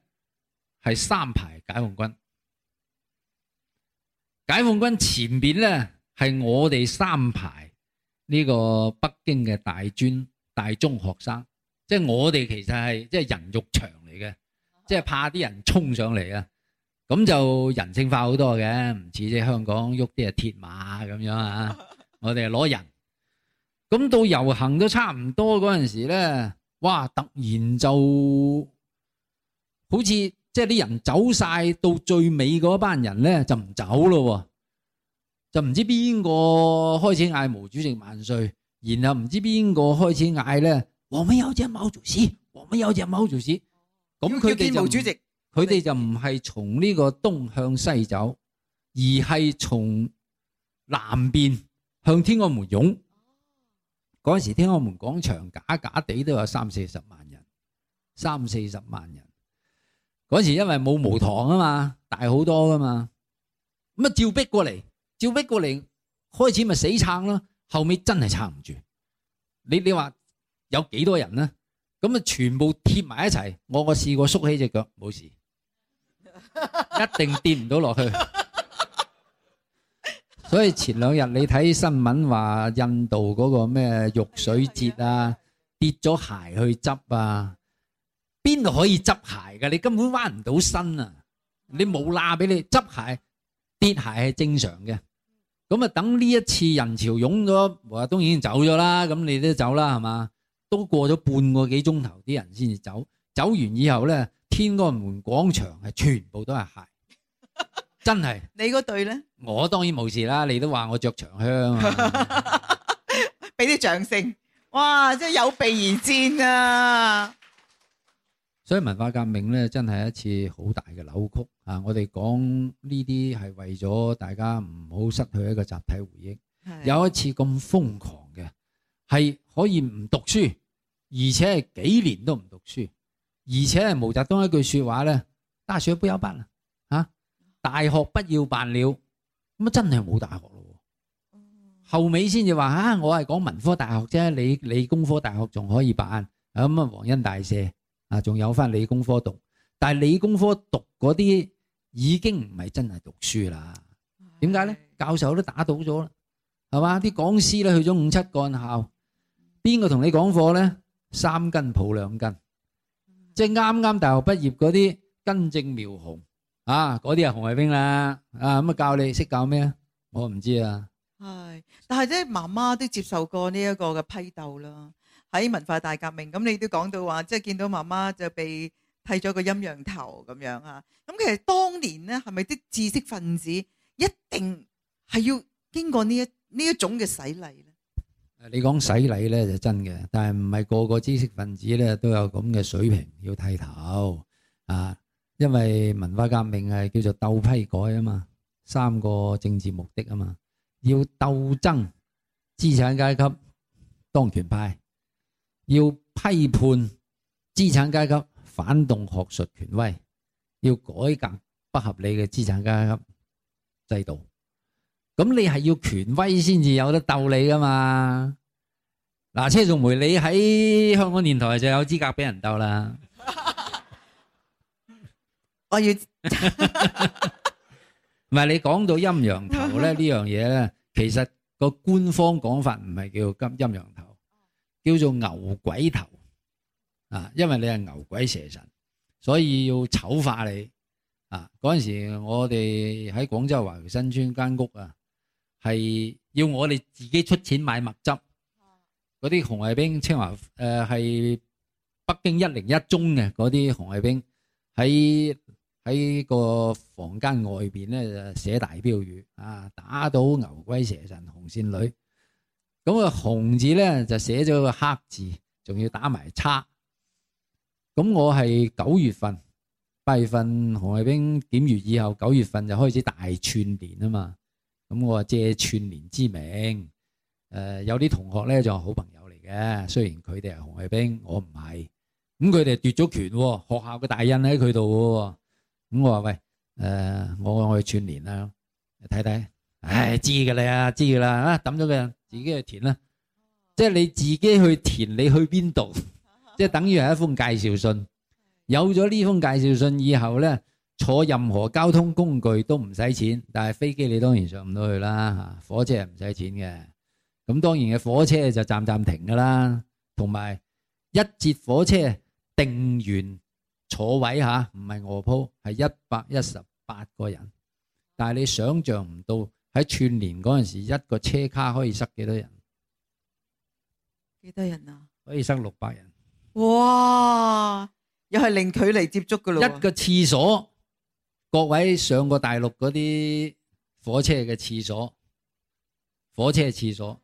係三排解放軍，解放軍前邊咧係我哋三排呢個北京嘅大專大中學生，即係我哋其實係即係人肉牆嚟嘅，即係怕啲人衝上嚟啊！咁就人性化好多嘅，唔似即係香港喐啲啊鐵馬咁樣啊！我哋係攞人，咁到遊行都差唔多嗰陣時咧，哇！突然就好似即係啲人走晒，到最尾嗰班人咧就唔走咯，就唔知邊個開始嗌毛主席萬歲，然後唔知邊個開始嗌咧。我們要見毛主席，我們要見毛主席。咁佢哋就佢哋就唔係從呢個東向西走，而係從南邊向天安門湧。嗰時天安門廣場假假地都有三四十萬人，三四十萬人。嗰時因為冇無糖啊嘛，大好多噶嘛。咁啊，照逼過嚟，照逼過嚟，開始咪死撐咯，後尾真係撐唔住。你你話？有幾多人呢？咁啊，全部貼埋一齊。我我試過縮起隻腳，冇事，一定跌唔到落去。所以前兩日你睇新聞話，印度嗰個咩浴水節啊，跌咗鞋去執啊，邊度可以執鞋噶？你根本彎唔到身啊！你冇罅俾你執鞋，跌鞋係正常嘅。咁啊，等呢一次人潮湧咗，毛澤東已經走咗啦，咁你都走啦，係嘛？都過咗半個幾鐘頭，啲人先至走。走完以後咧，天安門廣場係全部都係鞋， 真係的。你嗰隊咧？我當然冇事啦。你都話我着長靴、啊，俾啲 掌聲。哇！真係有備而戰啊！所以文化革命咧，真係一次好大嘅扭曲啊！我哋講呢啲係為咗大家唔好失去一個集體回憶。的有一次咁瘋狂嘅，係可以唔讀書。而且係幾年都唔讀書，而且係毛澤東一句說話咧，大學不要辦啦，啊，大學不要辦了，咁啊真係冇大學咯。後尾先至話啊，我係講文科大學啫，你理工科大學仲可以辦，咁啊，皇恩大赦啊，仲有返理工科讀，但係理工科讀嗰啲已經唔係真係讀書啦，點解咧？教授都打倒咗啦，係嘛？啲講師咧去咗五七幹校，邊個同你講課咧？三斤抱兩斤，即係啱啱大學畢業嗰啲根正苗紅啊！嗰啲係紅衛兵啦啊！咁啊教你識搞咩啊？我唔知啊。係，但係咧，媽媽都接受過呢一個嘅批鬥啦。喺文化大革命咁，你都講到話，即係見到媽媽就被剃咗個陰陽頭咁樣啊。咁其實當年咧，係咪啲知識分子一定係要經過呢一呢一種嘅洗禮咧？你講洗禮咧就真嘅，但係唔係個個知識分子咧都有咁嘅水平要剃頭啊？因為文化革命係叫做鬥批改啊嘛，三個政治目的啊嘛，要鬥爭資產階級當權派，要批判資產階級反動學術權威，要改革不合理嘅資產階級制度。咁你係要權威先至有得鬥你噶嘛？嗱，車淑梅你喺香港電台就有資格俾人鬥啦。我要唔係你講到陰陽頭咧呢樣嘢咧，其實個官方講法唔係叫金陰陽頭，叫做牛鬼頭啊，因為你係牛鬼蛇神，所以要醜化你啊。嗰陣時我哋喺廣州華僑新村間屋啊。係要我哋自己出錢買墨汁，嗰啲紅衛兵，清華誒係北京一零一中嘅嗰啲紅衛兵，喺喺個房間外邊咧就寫大標語，啊打倒牛鬼蛇神紅線女，咁、那、啊、個、紅字咧就寫咗個黑字，仲要打埋叉，咁我係九月份八月份紅衛兵檢閱以後，九月份就開始大串聯啊嘛。咁我話借串連之名，誒有啲同學咧就係好朋友嚟嘅，雖然佢哋係紅衛兵，我唔係，咁佢哋奪咗權，學校嘅大印喺佢度，咁我話喂，誒我我要串連啦，睇睇，唉知㗎啦，知㗎啦，啊抌咗佢，自己去填啦，即係你自己去填，你去邊度，即係等於係一封介紹信，有咗呢封介紹信以後咧。坐任何交通工具都唔使錢，但係飛機你當然上唔到去啦。火車係唔使錢嘅，咁當然嘅火車就站站停噶啦，同埋一節火車定員坐位嚇，唔係卧鋪，係一百一十八個人。但係你想象唔到喺串聯嗰陣時，一個車卡可以塞幾多人？幾多人啊？可以塞六百人。哇！又係零距離接觸㗎啦。一個廁所。各位上過大陸嗰啲火車嘅廁所，火車廁所，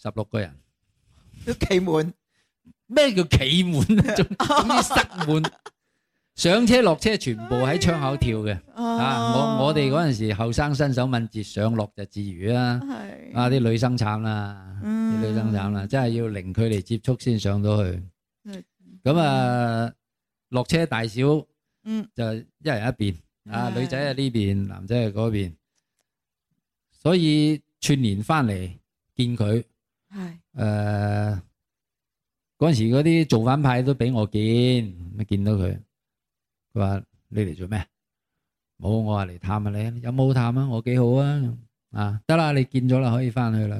十六個人都企滿。咩 叫企滿啊？仲塞滿， 上車落車全部喺窗口跳嘅。 啊，我我哋嗰陣時後生身手敏捷，上落就自如啦。啊，啲是、啊、女生慘啦，啲、嗯、女生慘啦，真係要零距離接觸先上到去。咁是啊，落車大小嗯，就一人一邊。嗯啊，女仔喺呢邊，男仔喺嗰邊，所以串連翻嚟見佢，係誒嗰陣時嗰啲造反派都俾我見，咁見到佢，佢話你嚟做咩？冇，我話嚟探下你，有冇好探啊？我幾好啊，啊得啦，你見咗啦，可以翻去啦。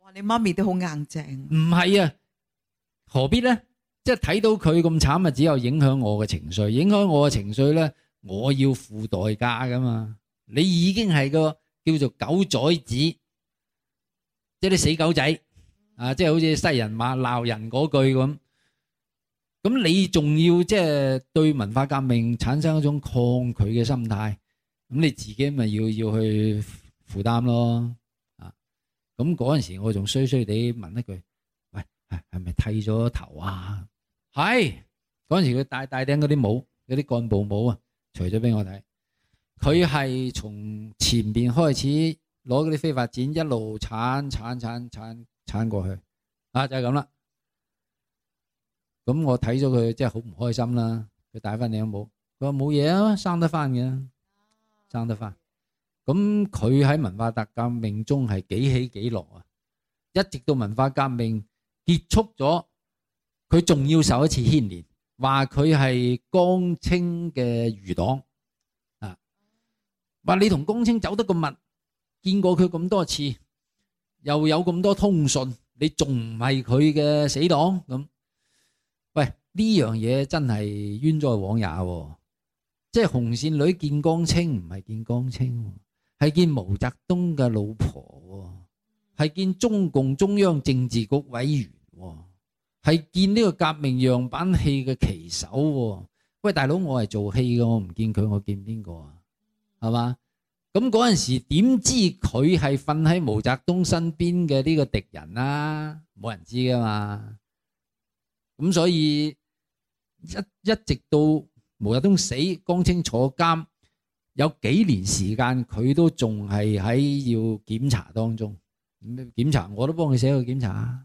哇，你媽咪都好硬淨，唔係啊，何必咧？即係睇到佢咁慘啊，只有影響我嘅情緒，影響我嘅情緒咧。我要付代價噶嘛？你已經係個叫做狗仔子，即係啲死狗仔啊！即係好似西人罵鬧人嗰句咁。咁你仲要即係對文化革命產生一種抗拒嘅心態，咁你自己咪要要去負擔咯？啊！咁嗰陣時我仲衰衰地問一句，喂，係咪剃咗頭啊？係嗰陣時佢戴大頂嗰啲帽，嗰啲幹部帽啊！除咗俾我睇，佢係從前邊開始攞嗰啲飛髮剪，一路鏟鏟鏟鏟鏟過去，啊就係咁啦。咁、嗯、我睇咗佢，真係好唔開心啦。佢帶翻你有冇？佢話冇嘢啊，生得翻嘅，生得翻。咁佢喺文化大革命中係幾起幾落啊？一直到文化革命結束咗，佢仲要受一次牽連。話佢係江青嘅餘黨啊！話你同江青走得咁密，見過佢咁多次，又有咁多通訊，你仲唔係佢嘅死黨？咁喂，呢樣嘢真係冤在枉也，即係紅線女見江青唔係見江青，係見毛澤東嘅老婆，係見中共中央政治局委員。係見呢個革命樣板戲嘅旗手。啊，喂大佬，我係做戲嘅，我唔見佢，我見邊個啊？係嘛？咁嗰陣時點知佢係瞓喺毛澤東身邊嘅呢個敵人啊？冇人知噶嘛？咁所以一一直到毛澤東死，江青坐監，有幾年時間佢都仲係喺要檢查當中，檢查我都幫佢寫個檢查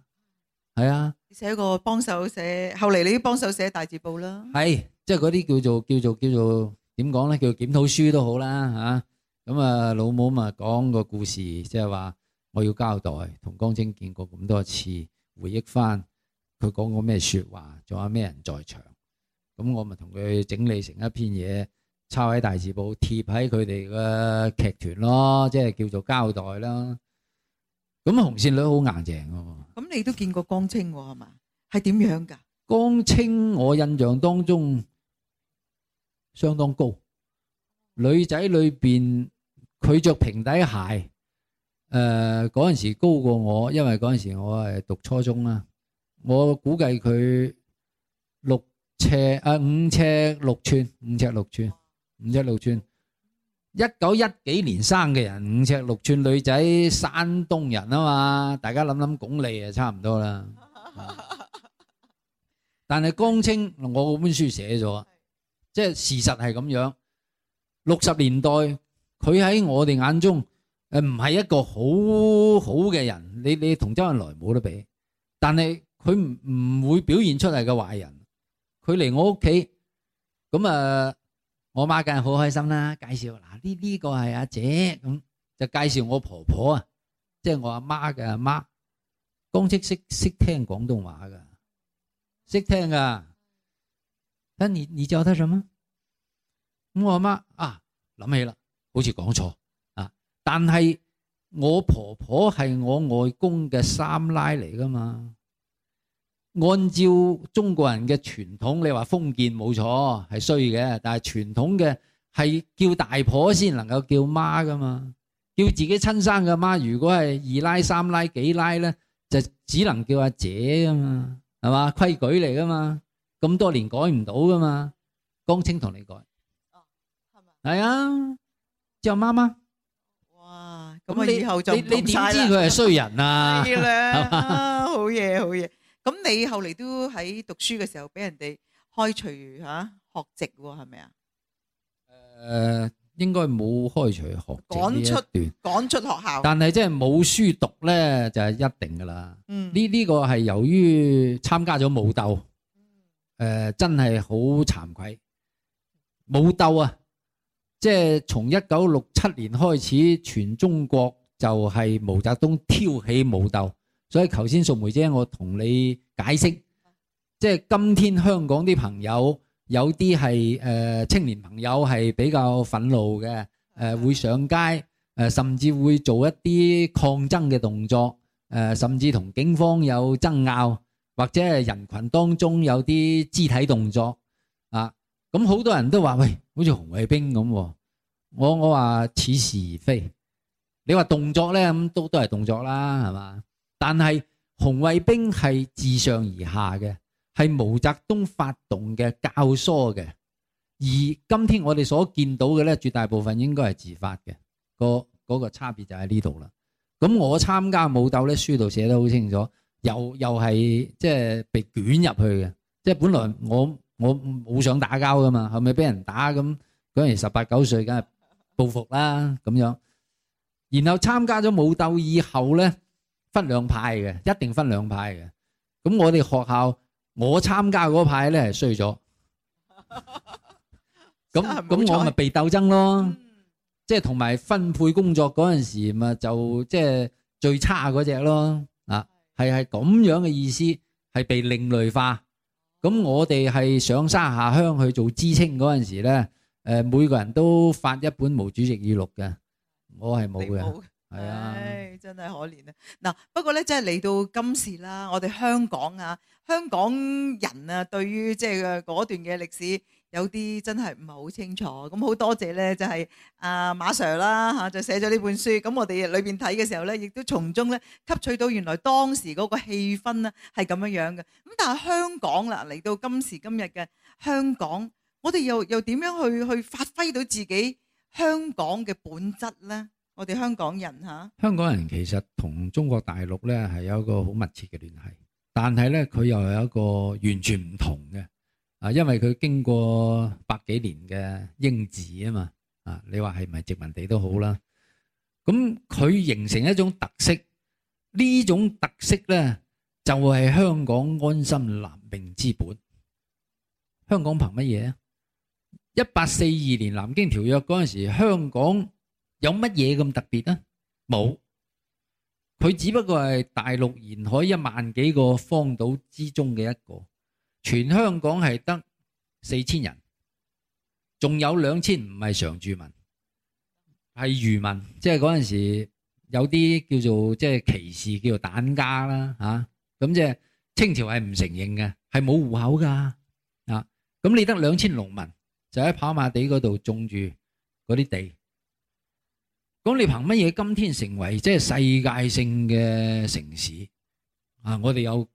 係啊，寫過幫手寫，後嚟你都幫手寫大字報啦。係，即係嗰啲叫做叫做叫做點講咧？叫做檢討書都好啦，吓咁啊老母咪講個故事，即係話我要交代同江青見過咁多次，回憶翻佢講過咩說話，仲有咩人在場。咁我咪同佢整理成一篇嘢，抄喺大字報，貼喺佢哋嘅劇團咯，即係叫做交代啦。咁紅線女好硬淨哦。咁你都見過江青喎係嘛？係點樣㗎？江青我印象當中相當高，女仔裏邊佢着平底鞋，誒嗰陣時高過我，因為嗰陣時我係讀初中啊。我估計佢六尺啊，五尺六寸，五尺六寸，五尺六寸。五尺六寸。一九一幾年生嘅人，五尺六寸女仔，山東人啊嘛，大家諗諗鞏俐啊，差唔多啦。但係江青，我嗰本書寫咗，即係事實係咁樣。六十年代，佢喺我哋眼中，誒唔係一個好好嘅人，你你同周恩來冇得比。但係佢唔唔會表現出嚟嘅壞人，佢嚟我屋企，咁啊。我媽梗係好開心啦，介紹嗱呢呢個係阿姐咁，就介紹我婆婆啊，即係我阿媽嘅阿媽，公職識識聽廣東話噶，識聽噶。咁你你做得什麼？我阿媽啊諗起啦，好似講錯啊，但係我婆婆係我外公嘅三奶嚟噶嘛。按照中國人嘅傳統，你話封建冇錯，係衰嘅。但係傳統嘅係叫大婆先能夠叫媽噶嘛？叫自己親生嘅媽，如果係二奶三奶幾奶咧，就只能叫阿姐噶嘛？係嘛？規矩嚟噶嘛？咁多年改唔到噶嘛？江青同你改，係啊，叫媽媽。哇！咁你，以後就唔差啦。你你點知佢係衰人啊？好嘢，好嘢。咁你後嚟都喺讀書嘅時候俾人哋開除吓、啊、學籍喎，係咪啊？誒、呃，應該冇開除學籍段，趕出趕出學校。但係即係冇書讀咧，就係一定㗎喇。嗯，呢呢、這個係、這個、由於參加咗武鬥，誒、呃，真係好慚愧。武鬥啊，即、就、係、是、從一九六七年開始，全中國就係毛澤東挑起武鬥。所以頭先淑梅姐，我同你解釋，即係今天香港啲朋友有啲係誒青年朋友係比較憤怒嘅誒、呃，會上街誒、呃，甚至會做一啲抗爭嘅動作誒、呃，甚至同警方有爭拗，或者係人群當中有啲肢體動作啊。咁、嗯、好多人都話：喂，好似紅衞兵咁。我我話似是而非。你話動作呢，咁都都係動作啦，係嘛？但係紅衛兵係自上而下嘅，係毛澤東發動嘅教唆嘅，而今天我哋所見到嘅咧，絕大部分應該係自發嘅，個嗰個差別就喺呢度啦。咁我參加武鬥咧，書度寫得好清楚，又又係即係被捲入去嘅，即係本來我我冇想打交噶嘛，係咪俾人打咁，嗰陣時十八九歲，梗係報復啦咁樣。然後參加咗武鬥以後咧。分兩派嘅，一定分兩派嘅。咁我哋學校我參加嗰派咧係衰咗，咁咁我咪被鬥爭咯。即係同埋分配工作嗰陣時，咪就即係最差嗰隻咯。啊，係係咁樣嘅意思，係被另類化。咁我哋係上山下鄉去做知青嗰陣時咧，誒，每個人都發一本毛主席語錄嘅，我係冇嘅。係啊，真係可憐啊！嗱，不過咧，即係嚟到今時啦，我哋香港啊，香港人啊，對於即係嗰段嘅歷史，有啲真係唔係好清楚。咁好多謝咧，就係阿馬 Sir 啦吓，就寫咗呢本書。咁我哋裏邊睇嘅時候咧，亦都從中咧吸取到原來當時嗰個氣氛咧係咁樣樣嘅。咁但係香港啦，嚟到今時今日嘅香港，我哋又又點樣去去發揮到自己香港嘅本質咧？我哋香港人嚇，香港人其實同中國大陸咧係有一個好密切嘅聯繫，但係咧佢又有一個完全唔同嘅啊，因為佢經過百幾年嘅英治啊嘛啊，你話係咪殖民地都好啦，咁佢形成一種特色，呢種特色咧就係香港安心立命之本。香港憑乜嘢啊？一八四二年南京條約嗰陣時，香港。有乜嘢咁特別啊？冇，佢只不過係大陸沿海一萬幾個荒島之中嘅一個。全香港係得四千人，仲有兩千唔係常住民，係漁民。即係嗰陣時有啲叫做即係歧視，叫做疍家啦嚇。咁即係清朝係唔承認嘅，係冇戶口㗎啊。咁你得兩千農民就喺跑馬地嗰度種住嗰啲地。講你憑乜嘢今天成為即係世界性嘅城市啊？我哋有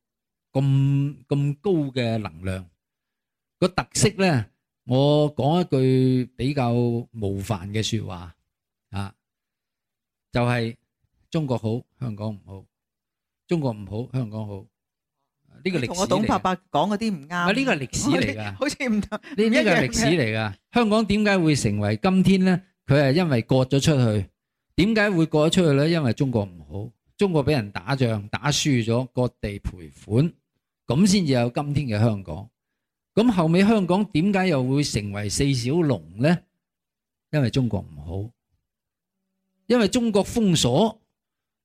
咁咁高嘅能量，個特色咧，我講一句比較冒犯嘅說話啊，就係中國好，香港唔好；中國唔好，香港好。呢個歷史同我董伯伯講嗰啲唔啱。啊，呢個係歷史嚟噶，好似唔得呢一個係歷史嚟噶。香港點解會成為今天咧？佢係因為割咗出去。點解會過得出去呢？因為中國唔好，中國俾人打仗打輸咗，各地賠款，咁先至有今天嘅香港。咁後尾香港點解又會成為四小龍呢？因為中國唔好，因為中國封鎖，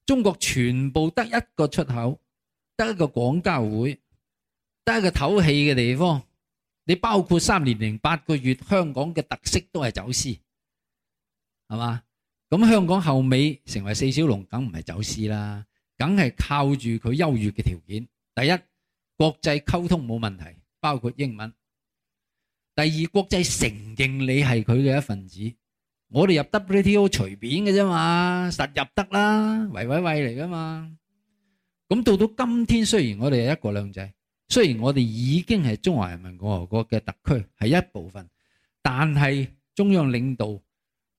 中國全部得一個出口，得一個廣交會，得一個唞氣嘅地方。你包括三年零八個月，香港嘅特色都係走私，係嘛？咁香港後尾成為四小龍，梗唔係走私啦，梗係靠住佢優越嘅條件。第一，國際溝通冇問題，包括英文；第二，國際承認你係佢嘅一份子。我哋入 WTO 隨便嘅啫嘛，實入得啦，維維維嚟噶嘛。咁到到今天，雖然我哋係一國兩制，雖然我哋已經係中華人民共和國嘅特區，係一部分，但係中央領導。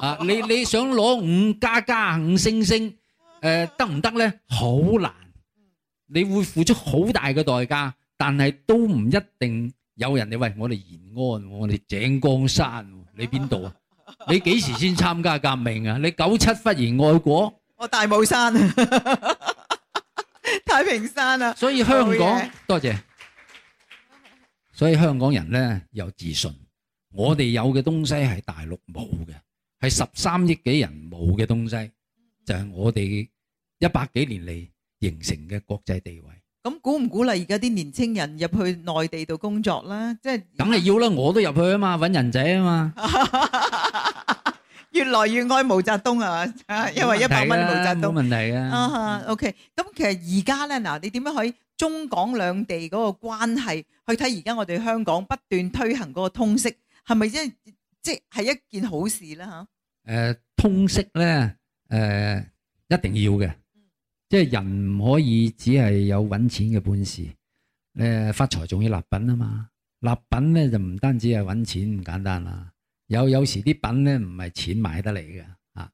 啊！你你想攞五加加五星星，誒，得唔得咧？好難，你會付出好大嘅代價，但係都唔一定有人。你喂，我哋延安，我哋井岡山，你邊度啊？你幾時先參加革命啊？你九七忽然愛國，我大帽山，太平山啊！所以香港多謝，所以香港人咧有自信，我哋有嘅東西係大陸冇嘅。係十三億幾人冇嘅東西，就係我哋一百幾年嚟形成嘅國際地位。咁鼓唔鼓勵而家啲年青人入去內地度工作啦？即係梗係要啦，我都入去啊嘛，搵人仔啊嘛。越來越愛毛澤東啊，因為一百蚊毛澤東冇問題嘅。啊，OK。咁其實而家咧，嗱，你點樣可以中港兩地嗰個關係去睇而家我哋香港不斷推行嗰個通識，係咪因？即係一件好事啦，吓、啊！誒、呃，通識咧，誒、呃，一定要嘅。即係人唔可以只係有揾錢嘅本事，誒、呃，發財仲要立品啊嘛！立品咧就唔單止係揾錢，唔簡單啦。有有時啲品咧唔係錢買得嚟嘅啊！誒、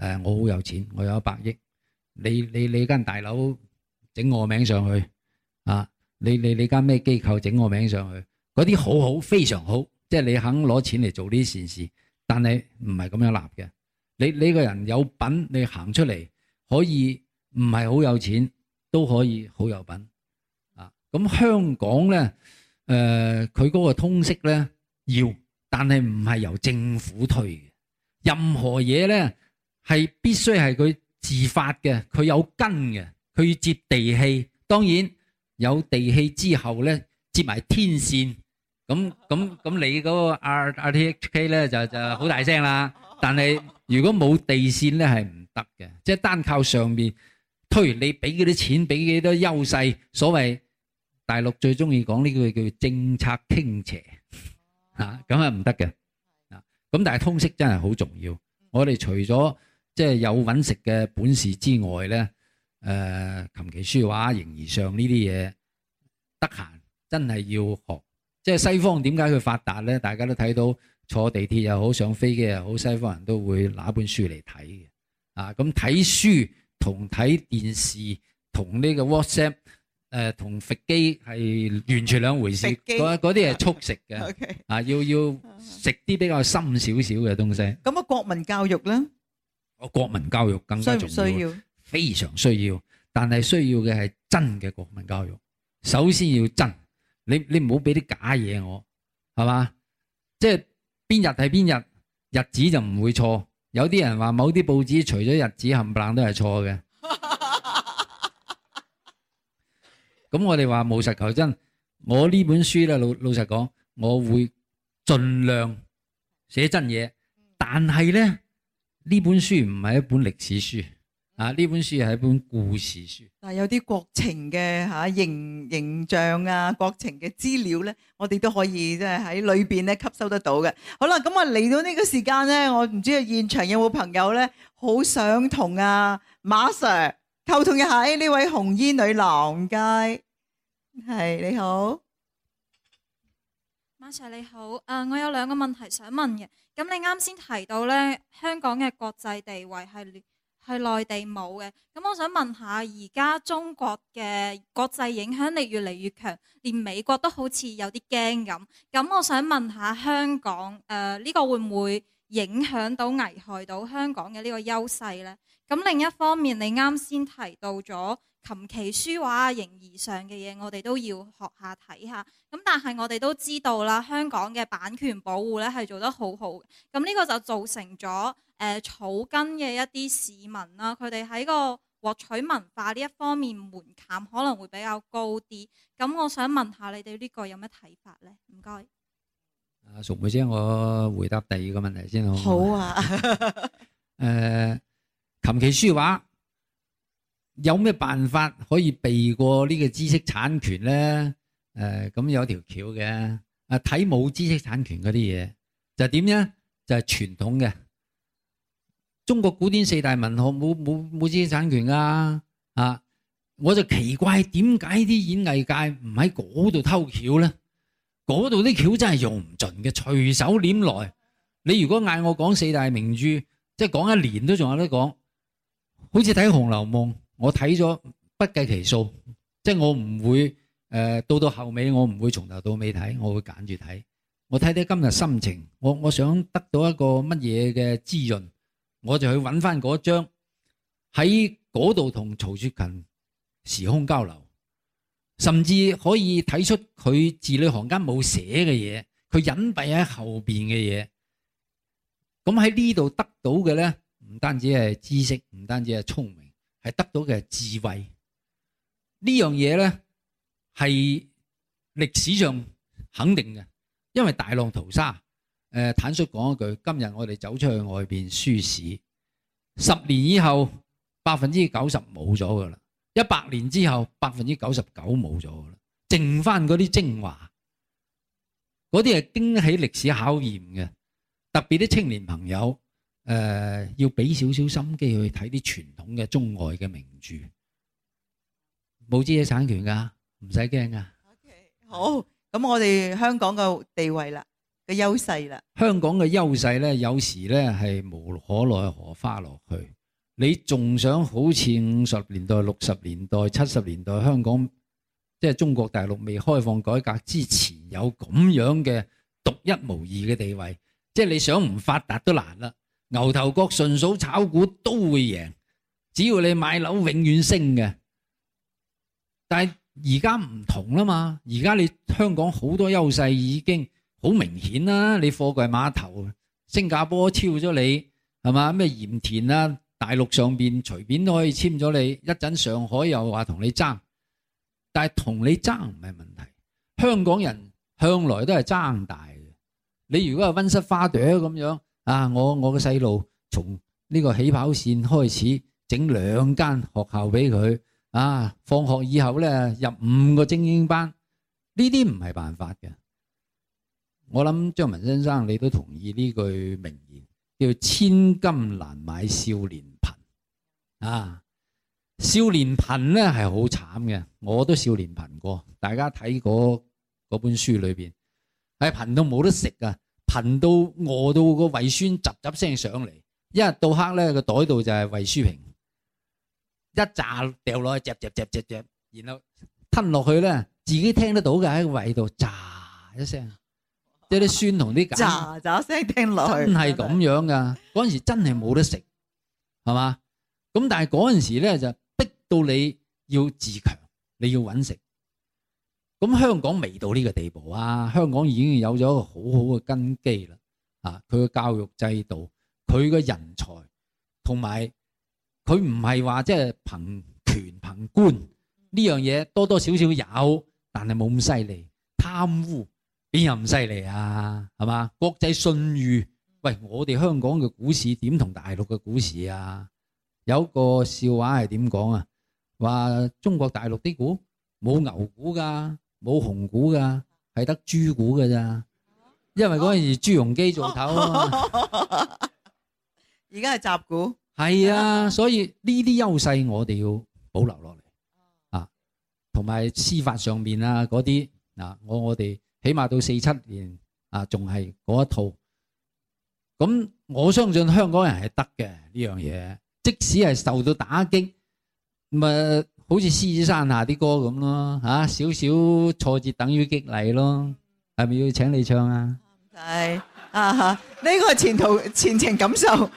呃，我好有錢，我有一百億，你你你間大樓整我名上去啊？你你你間咩機構整我名上去？嗰啲好好，非常好。即係你肯攞錢嚟做呢啲善事，但係唔係咁樣立嘅。你你個人有品，你行出嚟可以唔係好有錢，都可以好有品。啊，咁香港咧，誒、呃，佢嗰個通識咧要，但係唔係由政府推嘅。任何嘢咧係必須係佢自發嘅，佢有根嘅，佢要接地氣。當然有地氣之後咧，接埋天線。咁咁咁，你嗰個 R RTHK 咧就就好大聲啦。但係如果冇地線咧係唔得嘅，即係單靠上面推你俾幾多錢，俾幾多優勢，所謂大陸最中意講呢句叫政策傾斜嚇，咁係唔得嘅。啊，咁但係通識真係好重要。我哋除咗即係有揾食嘅本事之外咧，誒琴棋書畫、形而上呢啲嘢，得閒真係要學。即係西方點解佢發達咧？大家都睇到坐地鐵又好，上飛機又好，西方人都會拿本書嚟睇嘅。啊，咁睇書同睇電視同呢個 WhatsApp，誒、呃、同復機係完全兩回事。嗰啲係速食嘅， Okay. 啊，要要食啲比較深少少嘅東西。咁 啊，國民教育咧？我國民教育更加重要，要要非常需要，但係需要嘅係真嘅國民教育。首先要真。你你唔好俾啲假嘢我，係嘛？即係邊日睇邊日日子就唔會錯。有啲人話某啲報紙除咗日子冚唪唥都係錯嘅。咁 我哋話務實求真。我呢本書咧老老實講，我會盡量寫真嘢，但係咧呢本書唔係一本歷史書。啊！呢本書係一本故事書，但係有啲國情嘅嚇形形象啊，國情嘅資料咧，我哋都可以即係喺裏邊咧吸收得到嘅。好啦，咁我嚟到呢個時間咧，我唔知道現場有冇朋友咧，好想同阿馬 sir 溝通一下呢位紅衣女郎街，係你好，馬 sir 你好，誒我有兩個問題想問嘅，咁你啱先提到咧香港嘅國際地位係。係內地冇嘅，咁我想問下，而家中國嘅國際影響力越嚟越強，連美國都好似有啲驚咁。咁我想問下香港，誒呢個會唔會影響到、危害到香港嘅呢個優勢呢？咁另一方面，你啱先提到咗琴棋書畫啊、形而上嘅嘢，我哋都要學下睇下。咁但係我哋都知道啦，香港嘅版權保護咧係做得好好。咁、這、呢個就造成咗誒、呃、草根嘅一啲市民啦，佢哋喺個獲取文化呢一方面門檻可能會比較高啲。咁我想問下你哋呢個有咩睇法呢？唔該，阿、啊、淑梅姐先，我回答第二個問題先好。好啊，誒、 呃。琴棋書畫有咩辦法可以避過呢個知識產權咧？誒、呃，咁、嗯、有條橋嘅，啊，睇冇知識產權嗰啲嘢就點咧？就係、是就是、傳統嘅，中國古典四大文學冇冇冇知識產權噶啊！我就奇怪點解啲演藝界唔喺嗰度偷橋咧？嗰度啲橋真係用唔盡嘅，隨手拈來。你如果嗌我講四大名著，即係講一年都仲有得講。好似睇《紅樓夢》，我睇咗不計其數，即係我唔會誒到、呃、到後尾，我唔會從頭到尾睇，我會揀住睇。我睇睇今日心情，我我想得到一個乜嘢嘅滋潤，我就去揾翻嗰張喺嗰度同曹雪芹時空交流，甚至可以睇出佢字裏行間冇寫嘅嘢，佢隱蔽喺後邊嘅嘢。咁喺呢度得到嘅咧？唔單止係知識，唔單止係聰明，係得到嘅智慧呢樣嘢咧，係歷史上肯定嘅。因為大浪淘沙，誒，坦率講一句，今日我哋走出去外邊書市，十年以後百分之九十冇咗噶啦，一百年之後百分之九十九冇咗噶啦，剩翻嗰啲精華，嗰啲係經起歷史考驗嘅，特別啲青年朋友。誒、呃、要俾少少心機去睇啲傳統嘅中外嘅名著，冇知識產權㗎，唔使驚㗎。Okay，好，咁我哋香港嘅地位啦，嘅優勢啦。香港嘅優勢咧，有時咧係無可奈何花落去。你仲想好似五十年代、六十年代、七十年代香港，即係中國大陸未開放改革之前，有咁樣嘅獨一無二嘅地位，即係你想唔發達都難啦。牛頭角順嫂炒股都會贏，只要你買樓永遠升嘅。但係而家唔同啦嘛，而家你香港好多優勢已經好明顯啦。你貨櫃碼頭，新加坡超咗你係咪？咩鹽田啊，大陸上面隨便都可以簽咗你。一陣上海又話同你爭，但係同你爭唔係問題。香港人向來都係爭大嘅。你如果係溫室花朵咁樣。啊！我我個細路從呢個起跑線開始整兩間學校俾佢啊！放學以後咧入五個精英班，呢啲唔係辦法嘅。我諗張文先生你都同意呢句名言，叫千金難買少年貧啊！少年貧咧係好慘嘅，我都少年貧過。大家睇嗰本書裏邊，係貧到冇得食噶。貧到餓、呃、到個胃酸雜雜聲上嚟，一日到黑咧個袋度就係胃舒平，一炸掉落去嚼嚼嚼嚼嚼，然後吞落去咧，自己聽得到嘅喺個胃度，炸一聲，即係啲酸同啲鹼，炸炸聲聽落去，真係咁樣噶。嗰陣時真係冇得食，係嘛？咁但係嗰陣時咧就逼到你要自強，你要搵食。咁香港未到呢個地步啊！香港已經有咗一個好好嘅根基啦，啊，佢嘅教育制度，佢嘅人才，同埋佢唔係話即係憑權憑官呢樣嘢多多少少有，但係冇咁犀利，貪污邊有咁犀利啊？係嘛？國際信譽，喂，我哋香港嘅股市點同大陸嘅股市啊？有個笑話係點講啊？話中國大陸啲股冇牛股㗎。冇紅股噶，係得豬股噶咋？因為嗰陣時朱鎔基做頭啊，而家係雜股。係啊，啊，所以呢啲優勢我哋要保留落嚟啊，同埋司法上面啊嗰啲啊，我我哋起碼到四七年啊，仲係嗰一套。咁我相信香港人係得嘅呢樣嘢，即使係受到打擊咁啊。好似《獅子山下》啲歌咁咯，嚇少少挫折等於激勵咯，係咪要請你唱啊？係啊嚇，呢個前途前程錦繡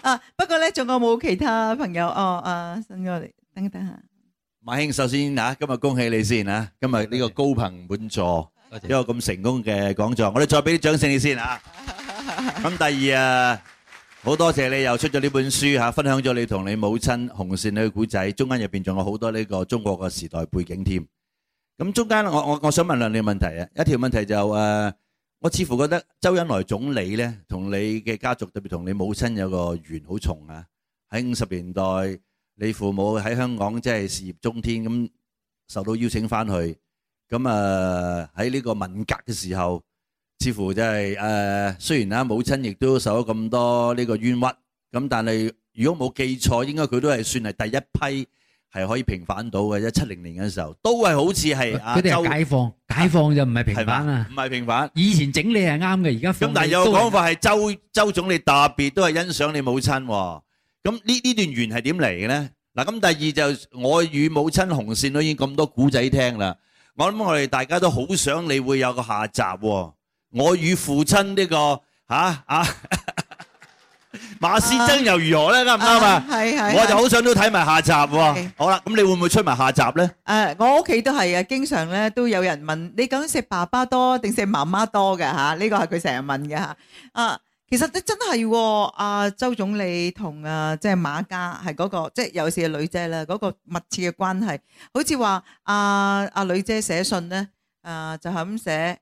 啊！不過咧，仲有冇其他朋友？哦啊，新哥嚟，等一等下。馬興，首先嚇，今日恭喜你先啊！今日呢個高朋滿座，一個咁成功嘅講座，我哋再俾啲掌聲你先啊！咁第二啊～好多謝你又出咗呢本書吓，分享咗你同你母親紅線女嘅古仔，中間入邊仲有好多呢個中國嘅時代背景添。咁中間我我我想問兩個問題啊，一條問題就誒，我似乎覺得周恩來總理呢，同你嘅家族特別同你母親有個緣好重啊。喺五十年代，你父母喺香港即係事業中天咁，受到邀請翻去，咁啊喺呢個文革嘅時候。似乎就係誒，雖然啦，母親亦都受咗咁多呢個冤屈，咁但係如果冇記錯，應該佢都係算係第一批係可以平反到嘅啫。一七零年嘅時候，都係好似係。佢哋解放，解放就唔係平反啊，唔係平反。以前整理係啱嘅，而家。咁但係有個講法係周周總理特別都係欣賞你母親喎。咁呢呢段緣係點嚟嘅咧？嗱，咁第二就我與母親紅線都已經咁多故仔聽啦。我諗我哋大家都好想你會有個下集喎。我與父親呢、這個吓吓馬師曾又如何咧？啱唔啱啊？係 係財、啊。啊、是是我就好想都睇埋下集喎。methodology 好啦，咁你會唔會出埋下集咧？誒，啊、我屋企都係啊，經常咧都有人問你究竟食爸爸多定食媽媽多嘅吓？呢個係佢成日問嘅吓。啊，啊其實你真係阿周總理同啊即係馬家係嗰、那個即係尤其是女姐啦，嗰個密切嘅關係，好似話阿阿女姐寫信咧，誒、啊、就係咁寫。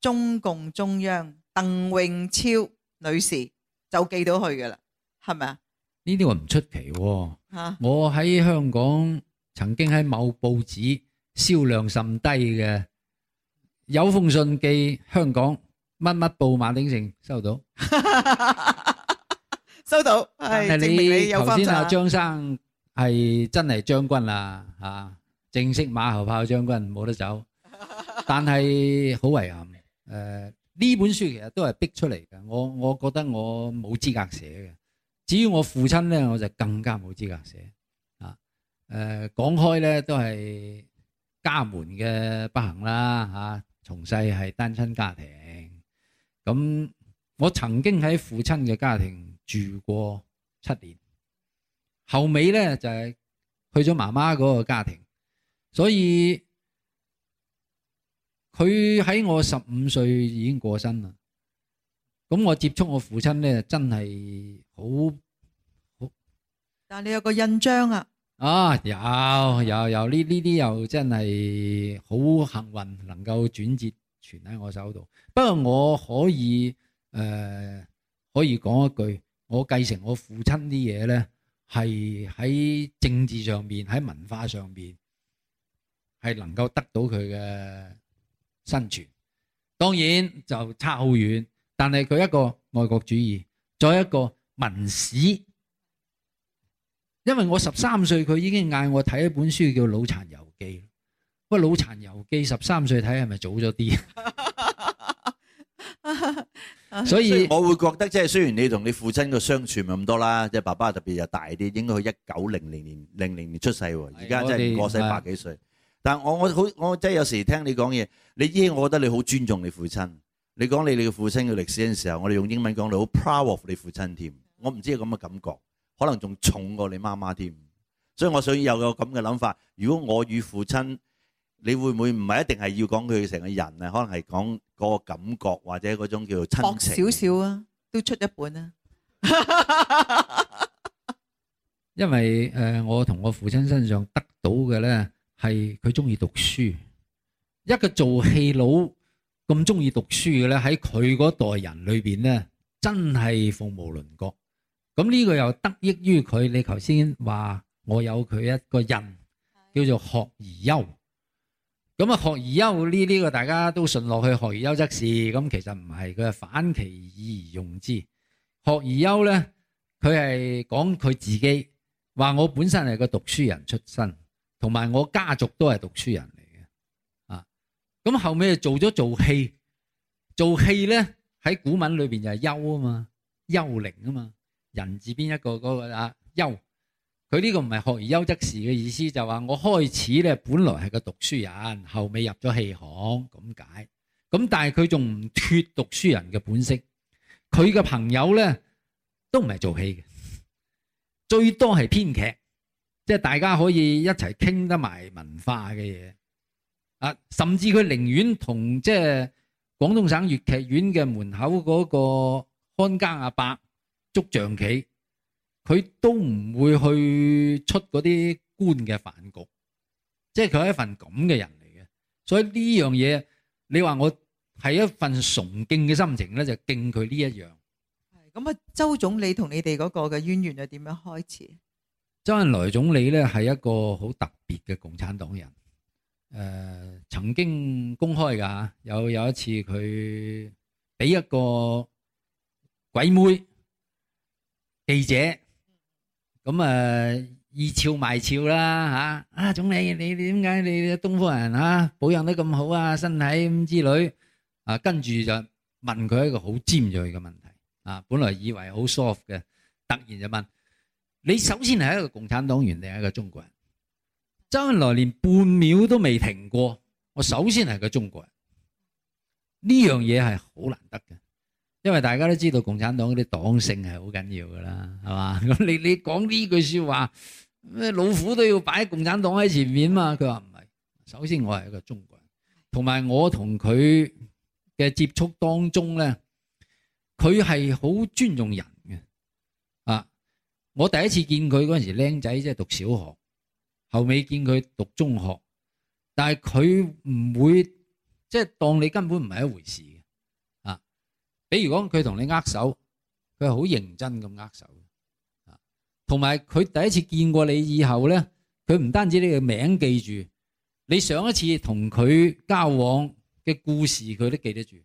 中共中央鄧穎超女士就寄到去噶啦，係咪啊？呢啲話唔出奇。吓，我喺香港曾經喺某報紙銷量甚低嘅，有封信寄香港乜乜報馬鼎盛收到，收到。係你頭先話張生係真係將軍啦，吓，正式馬後炮將軍冇得走，但係好遺憾。誒、呢、呃、本書其實都係逼出嚟嘅。我我覺得我冇資格寫嘅。至於我父親咧，我就更加冇資格寫。啊，誒、呃、講開咧都係家門嘅不幸啦吓、啊。從細係單親家庭，咁、啊、我曾經喺父親嘅家庭住過七年，後尾咧就係、是、去咗媽媽嗰個家庭，所以。佢喺我十五歲已經過身啦，咁我接觸我父親咧，真係好好。但係你有個印章啊？啊，有有有，呢呢啲又真係好幸運，能夠轉接傳喺我手度。不過我可以誒、呃，可以講一句，我繼承我父親啲嘢咧，係喺政治上面、喺文化上面，係能夠得到佢嘅。生存當然就差好遠，但係佢一個愛國主義，再一個文史。因為我十三歲，佢已經嗌我睇一本書叫《老殘遊記》。老殘遊記是不過《老殘遊記》十三歲睇係咪早咗啲？所以我會覺得即係雖然你同你父親嘅相處咪咁多啦，即係爸爸特別又大啲，應該佢一九零零年零零年出世，而家是真係過世百幾歲。是但係我我好我即係有時聽你講嘢。你耶，我覺得你好尊重你父親。你講你你嘅父親嘅歷史嘅時候，我哋用英文講你好 proud of 你父親添。我唔知有咁嘅感覺，可能仲重過你媽媽添。所以我想有個咁嘅諗法。如果我與父親，你會唔會唔係一定係要講佢成個人啊？可能係講嗰個感覺或者嗰種叫做親情少少啊，都出一本啊。因為誒，我同我父親身上得到嘅咧，係佢中意讀書。一個做戲佬咁中意讀書嘅咧，喺佢嗰代人裏邊咧，真係鳳毛麟角。咁、這、呢個又得益於佢，你頭先話我有佢一個人叫做學而優。咁啊，學而優呢呢個大家都順落去，學而優則仕。咁其實唔係，佢係反其意而用之。學而優咧，佢係講佢自己話我本身係個讀書人出身，同埋我家族都係讀書人。咁後尾又做咗做戲，做戲咧喺古文裏邊就係幽啊嘛，幽靈啊嘛，人字邊一個嗰個啊幽，佢呢個唔係學而優則仕嘅意思，就話我開始咧本來係個讀書人，後尾入咗戲行咁解，咁但係佢仲唔脫讀書人嘅本色，佢嘅朋友咧都唔係做戲嘅，最多係編劇，即係大家可以一齊傾得埋文化嘅嘢。啊，甚至佢寧願同即係廣東省粵劇院嘅門口嗰個看家阿伯捉象棋，佢都唔會去出嗰啲官嘅飯局，即係佢係一份咁嘅人嚟嘅。所以呢樣嘢，你話我係一份崇敬嘅心情咧，就敬佢呢一樣。係咁啊，周總理同你哋嗰個嘅淵源又點樣開始？周恩來總理咧係一個好特別嘅共產黨人。誒、呃，曾經公開嘅吓，有有一次佢俾一個鬼妹記者，咁啊意超賣俏啦吓，啊總理，你你點解你哋東方人啊保養得咁好啊身體咁之類，啊跟住就問佢一個好尖銳嘅問題，啊本來以為好 soft 嘅，突然就問，你首先係一個共產黨員定係一個中國人？周恩來連半秒都未停過。我首先係個中國人，呢樣嘢係好難得嘅，因為大家都知道共產黨嗰啲黨性係好緊要噶啦，係嘛？咁你你講呢句說話，咩老虎都要擺共產黨喺前面嘛？佢話唔係，首先我係一個中國人，同埋我同佢嘅接觸當中咧，佢係好尊重人嘅。啊，我第一次見佢嗰陣時，僆仔即係讀小學。後尾見佢讀中學，但係佢唔會即係、就是、當你根本唔係一回事嘅啊。比如講佢同你握手，佢係好認真咁握手啊。同埋佢第一次見過你以後咧，佢唔單止你嘅名記住，你上一次同佢交往嘅故事佢都記得住。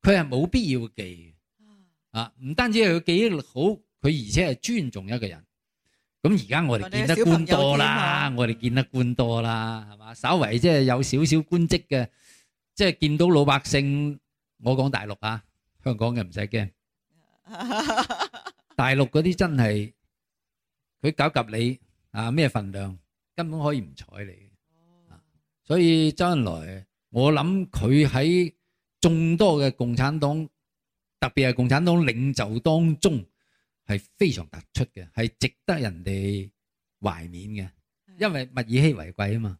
佢係冇必要記啊。啊，唔單止係佢記憶力好，佢而且係尊重一個人。咁而家我哋見得官多啦，我哋見得官多啦，係嘛？稍為即係有少少官職嘅，即係見到老百姓。我講大陸啊，香港嘅唔使驚。大陸嗰啲真係佢搞及你啊，咩份量？根本可以唔睬你。所以周恩來，我諗佢喺眾多嘅共產黨，特別係共產黨領袖當中。係非常突出嘅，係值得人哋懷緬嘅，因為物以稀為貴啊嘛。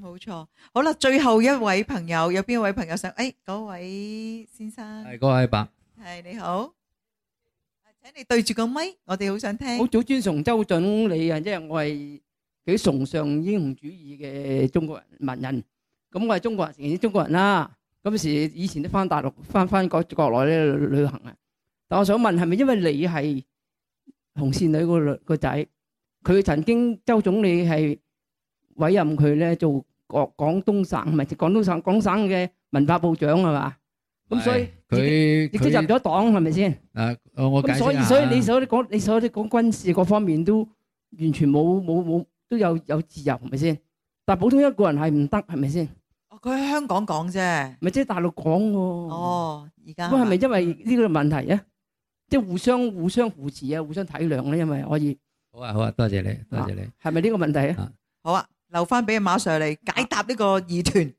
冇錯，好啦，最後一位朋友，有邊一位朋友想？誒，嗰位先生，係嗰位阿伯，係你好，請你對住個麥，我哋好想聽。好早尊崇周總理啊，即係我係幾崇尚英雄主義嘅中國文人。咁我係中國人，承認中國人啦。今時以前都翻大陸，翻翻國國內咧旅行啊。但我想問，係咪因為你係？紅線女個女個仔，佢曾經周總理係委任佢咧做廣廣東省唔係廣東省廣省嘅文化部長係嘛？咁所以佢亦都入咗黨係咪先？啊，我我咁所以所以你所講你所講軍事各方面都完全冇冇冇都有有自由係咪先？但普通一個人係唔得係咪先？佢喺香港講啫，咪即係大陸講喎。哦，而家咁係咪因為呢個問題啊？即係互，互相互相扶持啊，互相體諒咧，因為可以。好啊，好啊，多謝你，多謝你。係咪呢個問題啊？啊好啊，留翻俾馬 Sir 嚟解答呢個疑團。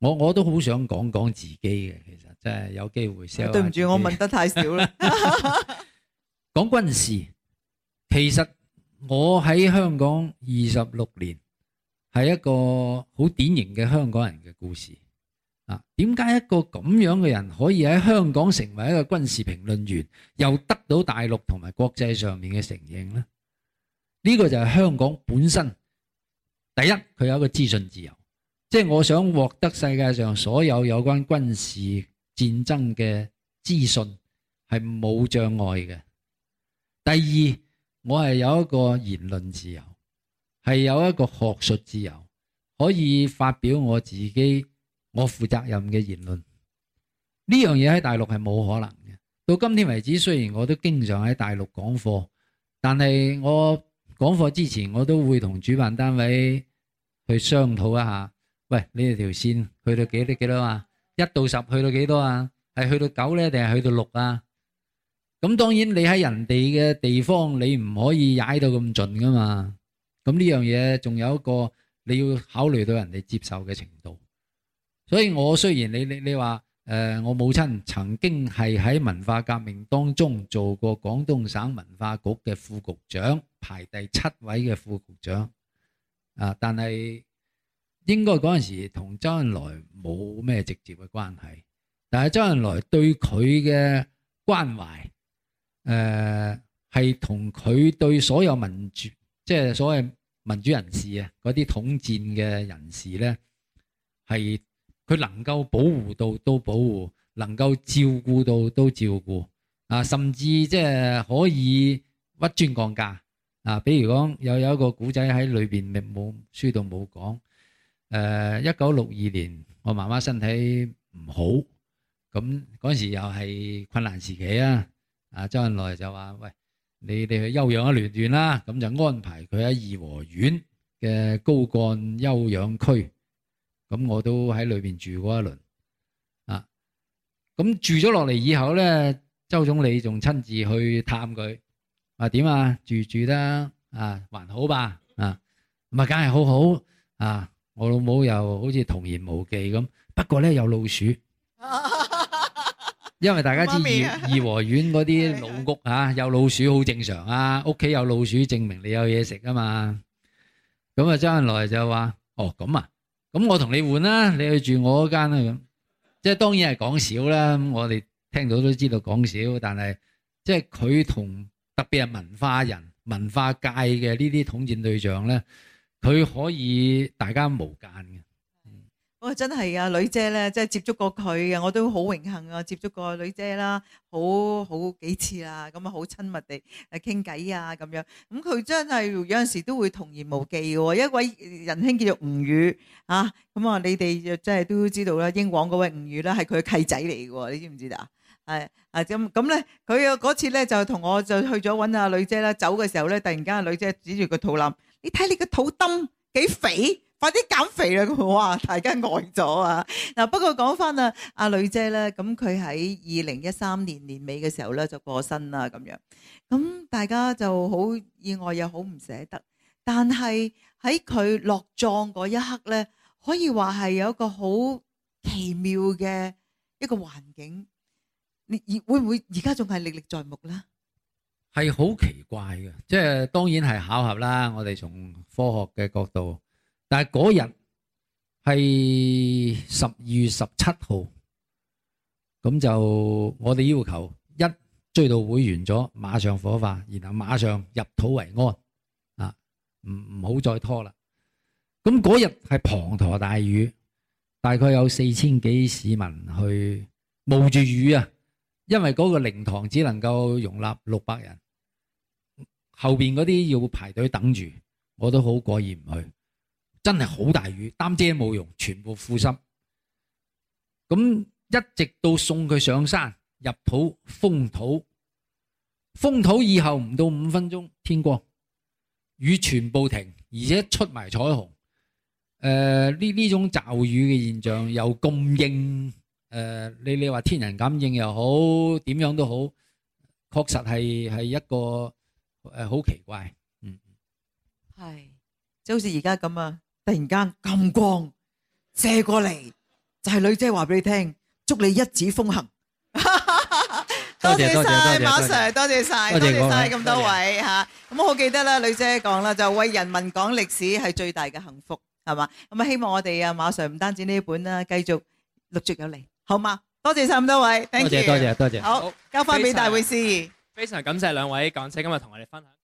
我我都好想講講自己嘅，其實真係有機會、嗯。對唔住，己我問得太少啦。 講軍事，其實我喺香港二十六年，係一個好典型嘅香港人嘅故事。點解一個咁樣嘅人可以喺香港成為一個軍事評論員，又得到大陸同埋國際上面嘅承認呢？呢個就係香港本身。第一，佢有一個資訊自由，即係我想獲得世界上所有有關軍事戰爭嘅資訊係冇障礙嘅。第二，我係有一個言論自由，係有一個學術自由，可以發表我自己。我負責任嘅言論呢樣嘢喺大陸係冇可能嘅。到今天為止，雖然我都經常喺大陸講課，但係我講課之前，我都會同主辦單位去商討一下。喂，你條線去到幾多幾多啊？一到十去到幾多啊？係去到九咧，定係去到六啊？咁當然，你喺人哋嘅地方，你唔可以踩到咁盡噶嘛。咁呢樣嘢仲有一個，你要考慮到人哋接受嘅程度。所以我雖然你你你話誒、呃，我母親曾經係喺文化革命當中做過廣東省文化局嘅副局長，排第七位嘅副局長啊，但係應該嗰陣時同周恩來冇咩直接嘅關係。但係周恩來對佢嘅關懷，誒係同佢對所有民主，即係所謂民主人士啊，嗰啲統戰嘅人士咧係。佢能夠保護到都保護，能夠照顧到都照顧，啊，甚至即係可以屈尊降貴啊！比如講，又有一個古仔喺裏邊未冇書度冇講，誒，一九六二年我媽媽身體唔好，咁嗰時又係困難時期啊！啊，周恩來就話，喂，你哋去休養一段段啦，咁就安排佢喺頤和園嘅高幹休養區。咁我都喺裏邊住過一輪，啊，咁住咗落嚟以後咧，周總理仲親自去探佢，話，點啊，住住得啊，還好吧，啊，唔係，梗係好好啊，我老母又好似童言無忌咁，不過咧，有老鼠，因為大家知頤和園嗰啲老屋啊有老鼠好正常啊，屋企有老鼠證明你有嘢食啊嘛，咁啊周恩來就話，哦，咁啊。咁我同你換啦，你去住我嗰間啦咁，即係當然係講笑啦。咁我哋聽到都知道講笑，但係即係佢同特別係文化人、文化界嘅呢啲統戰對象咧，佢可以大家無間嘅。我真係啊，女姐咧，即係接觸過佢嘅，我都好榮幸啊，接觸過女姐啦，好好幾次啦，咁啊好親密地誒傾偈啊咁樣。咁佢真係有陣時都會童言無忌嘅喎，一位仁兄叫做吳宇啊，咁、嗯、啊你哋就真係都知道啦，英皇嗰位吳宇啦，係佢契仔嚟嘅喎，你知唔知啊？係啊咁咁咧，佢嘅嗰次咧就同我就去咗揾阿女姐啦，走嘅時候咧，突然間阿女姐指住個肚腩，你睇你個肚墩幾肥！快啲減肥啦！哇，大家呆咗啊！嗱，不過講翻啊，阿女姐咧，咁佢喺二零一三年年尾嘅時候咧，就過身啦咁樣。咁大家就好意外又好唔捨得，但係喺佢落葬嗰一刻咧，可以話係有一個好奇妙嘅一個環境。你會唔會而家仲係歷歷在目咧？係好奇怪嘅，即係當然係巧合啦。我哋從科學嘅角度。但係嗰日係十二月十七號，咁就我哋要求一追悼會完咗，馬上火化，然後馬上入土為安，啊，唔唔好再拖啦。咁嗰日係滂沱大雨，大概有四千幾市民去冒住雨啊，因為嗰個靈堂只能夠容納六百人，後邊嗰啲要排隊等住，我都好過意唔去。真係好大雨，擔遮冇用，全部負濕。咁一直到送佢上山，入土封土，封土以後唔到五分鐘，天光，雨全部停，而且出埋彩虹。誒，呢呢種驟雨嘅現象又咁應，誒，你你話天人感應又好，點樣都好，確實係係一個誒好奇怪。嗯，係，即係好似而家咁啊。突然間咁光射過嚟，就係女姐話俾你聽，祝你一紙風行。多謝晒馬 sir，多謝晒，多謝晒咁多位吓。咁我好記得啦，女姐講啦，就為人民講歷史係最大嘅幸福，係嘛？咁啊希望我哋啊馬 sir 唔單止呢本啦，繼續陸續有嚟，好嘛？多謝晒咁多位，多謝多謝多謝，好交翻俾大會司儀，非常感謝兩位講師今日同我哋分享。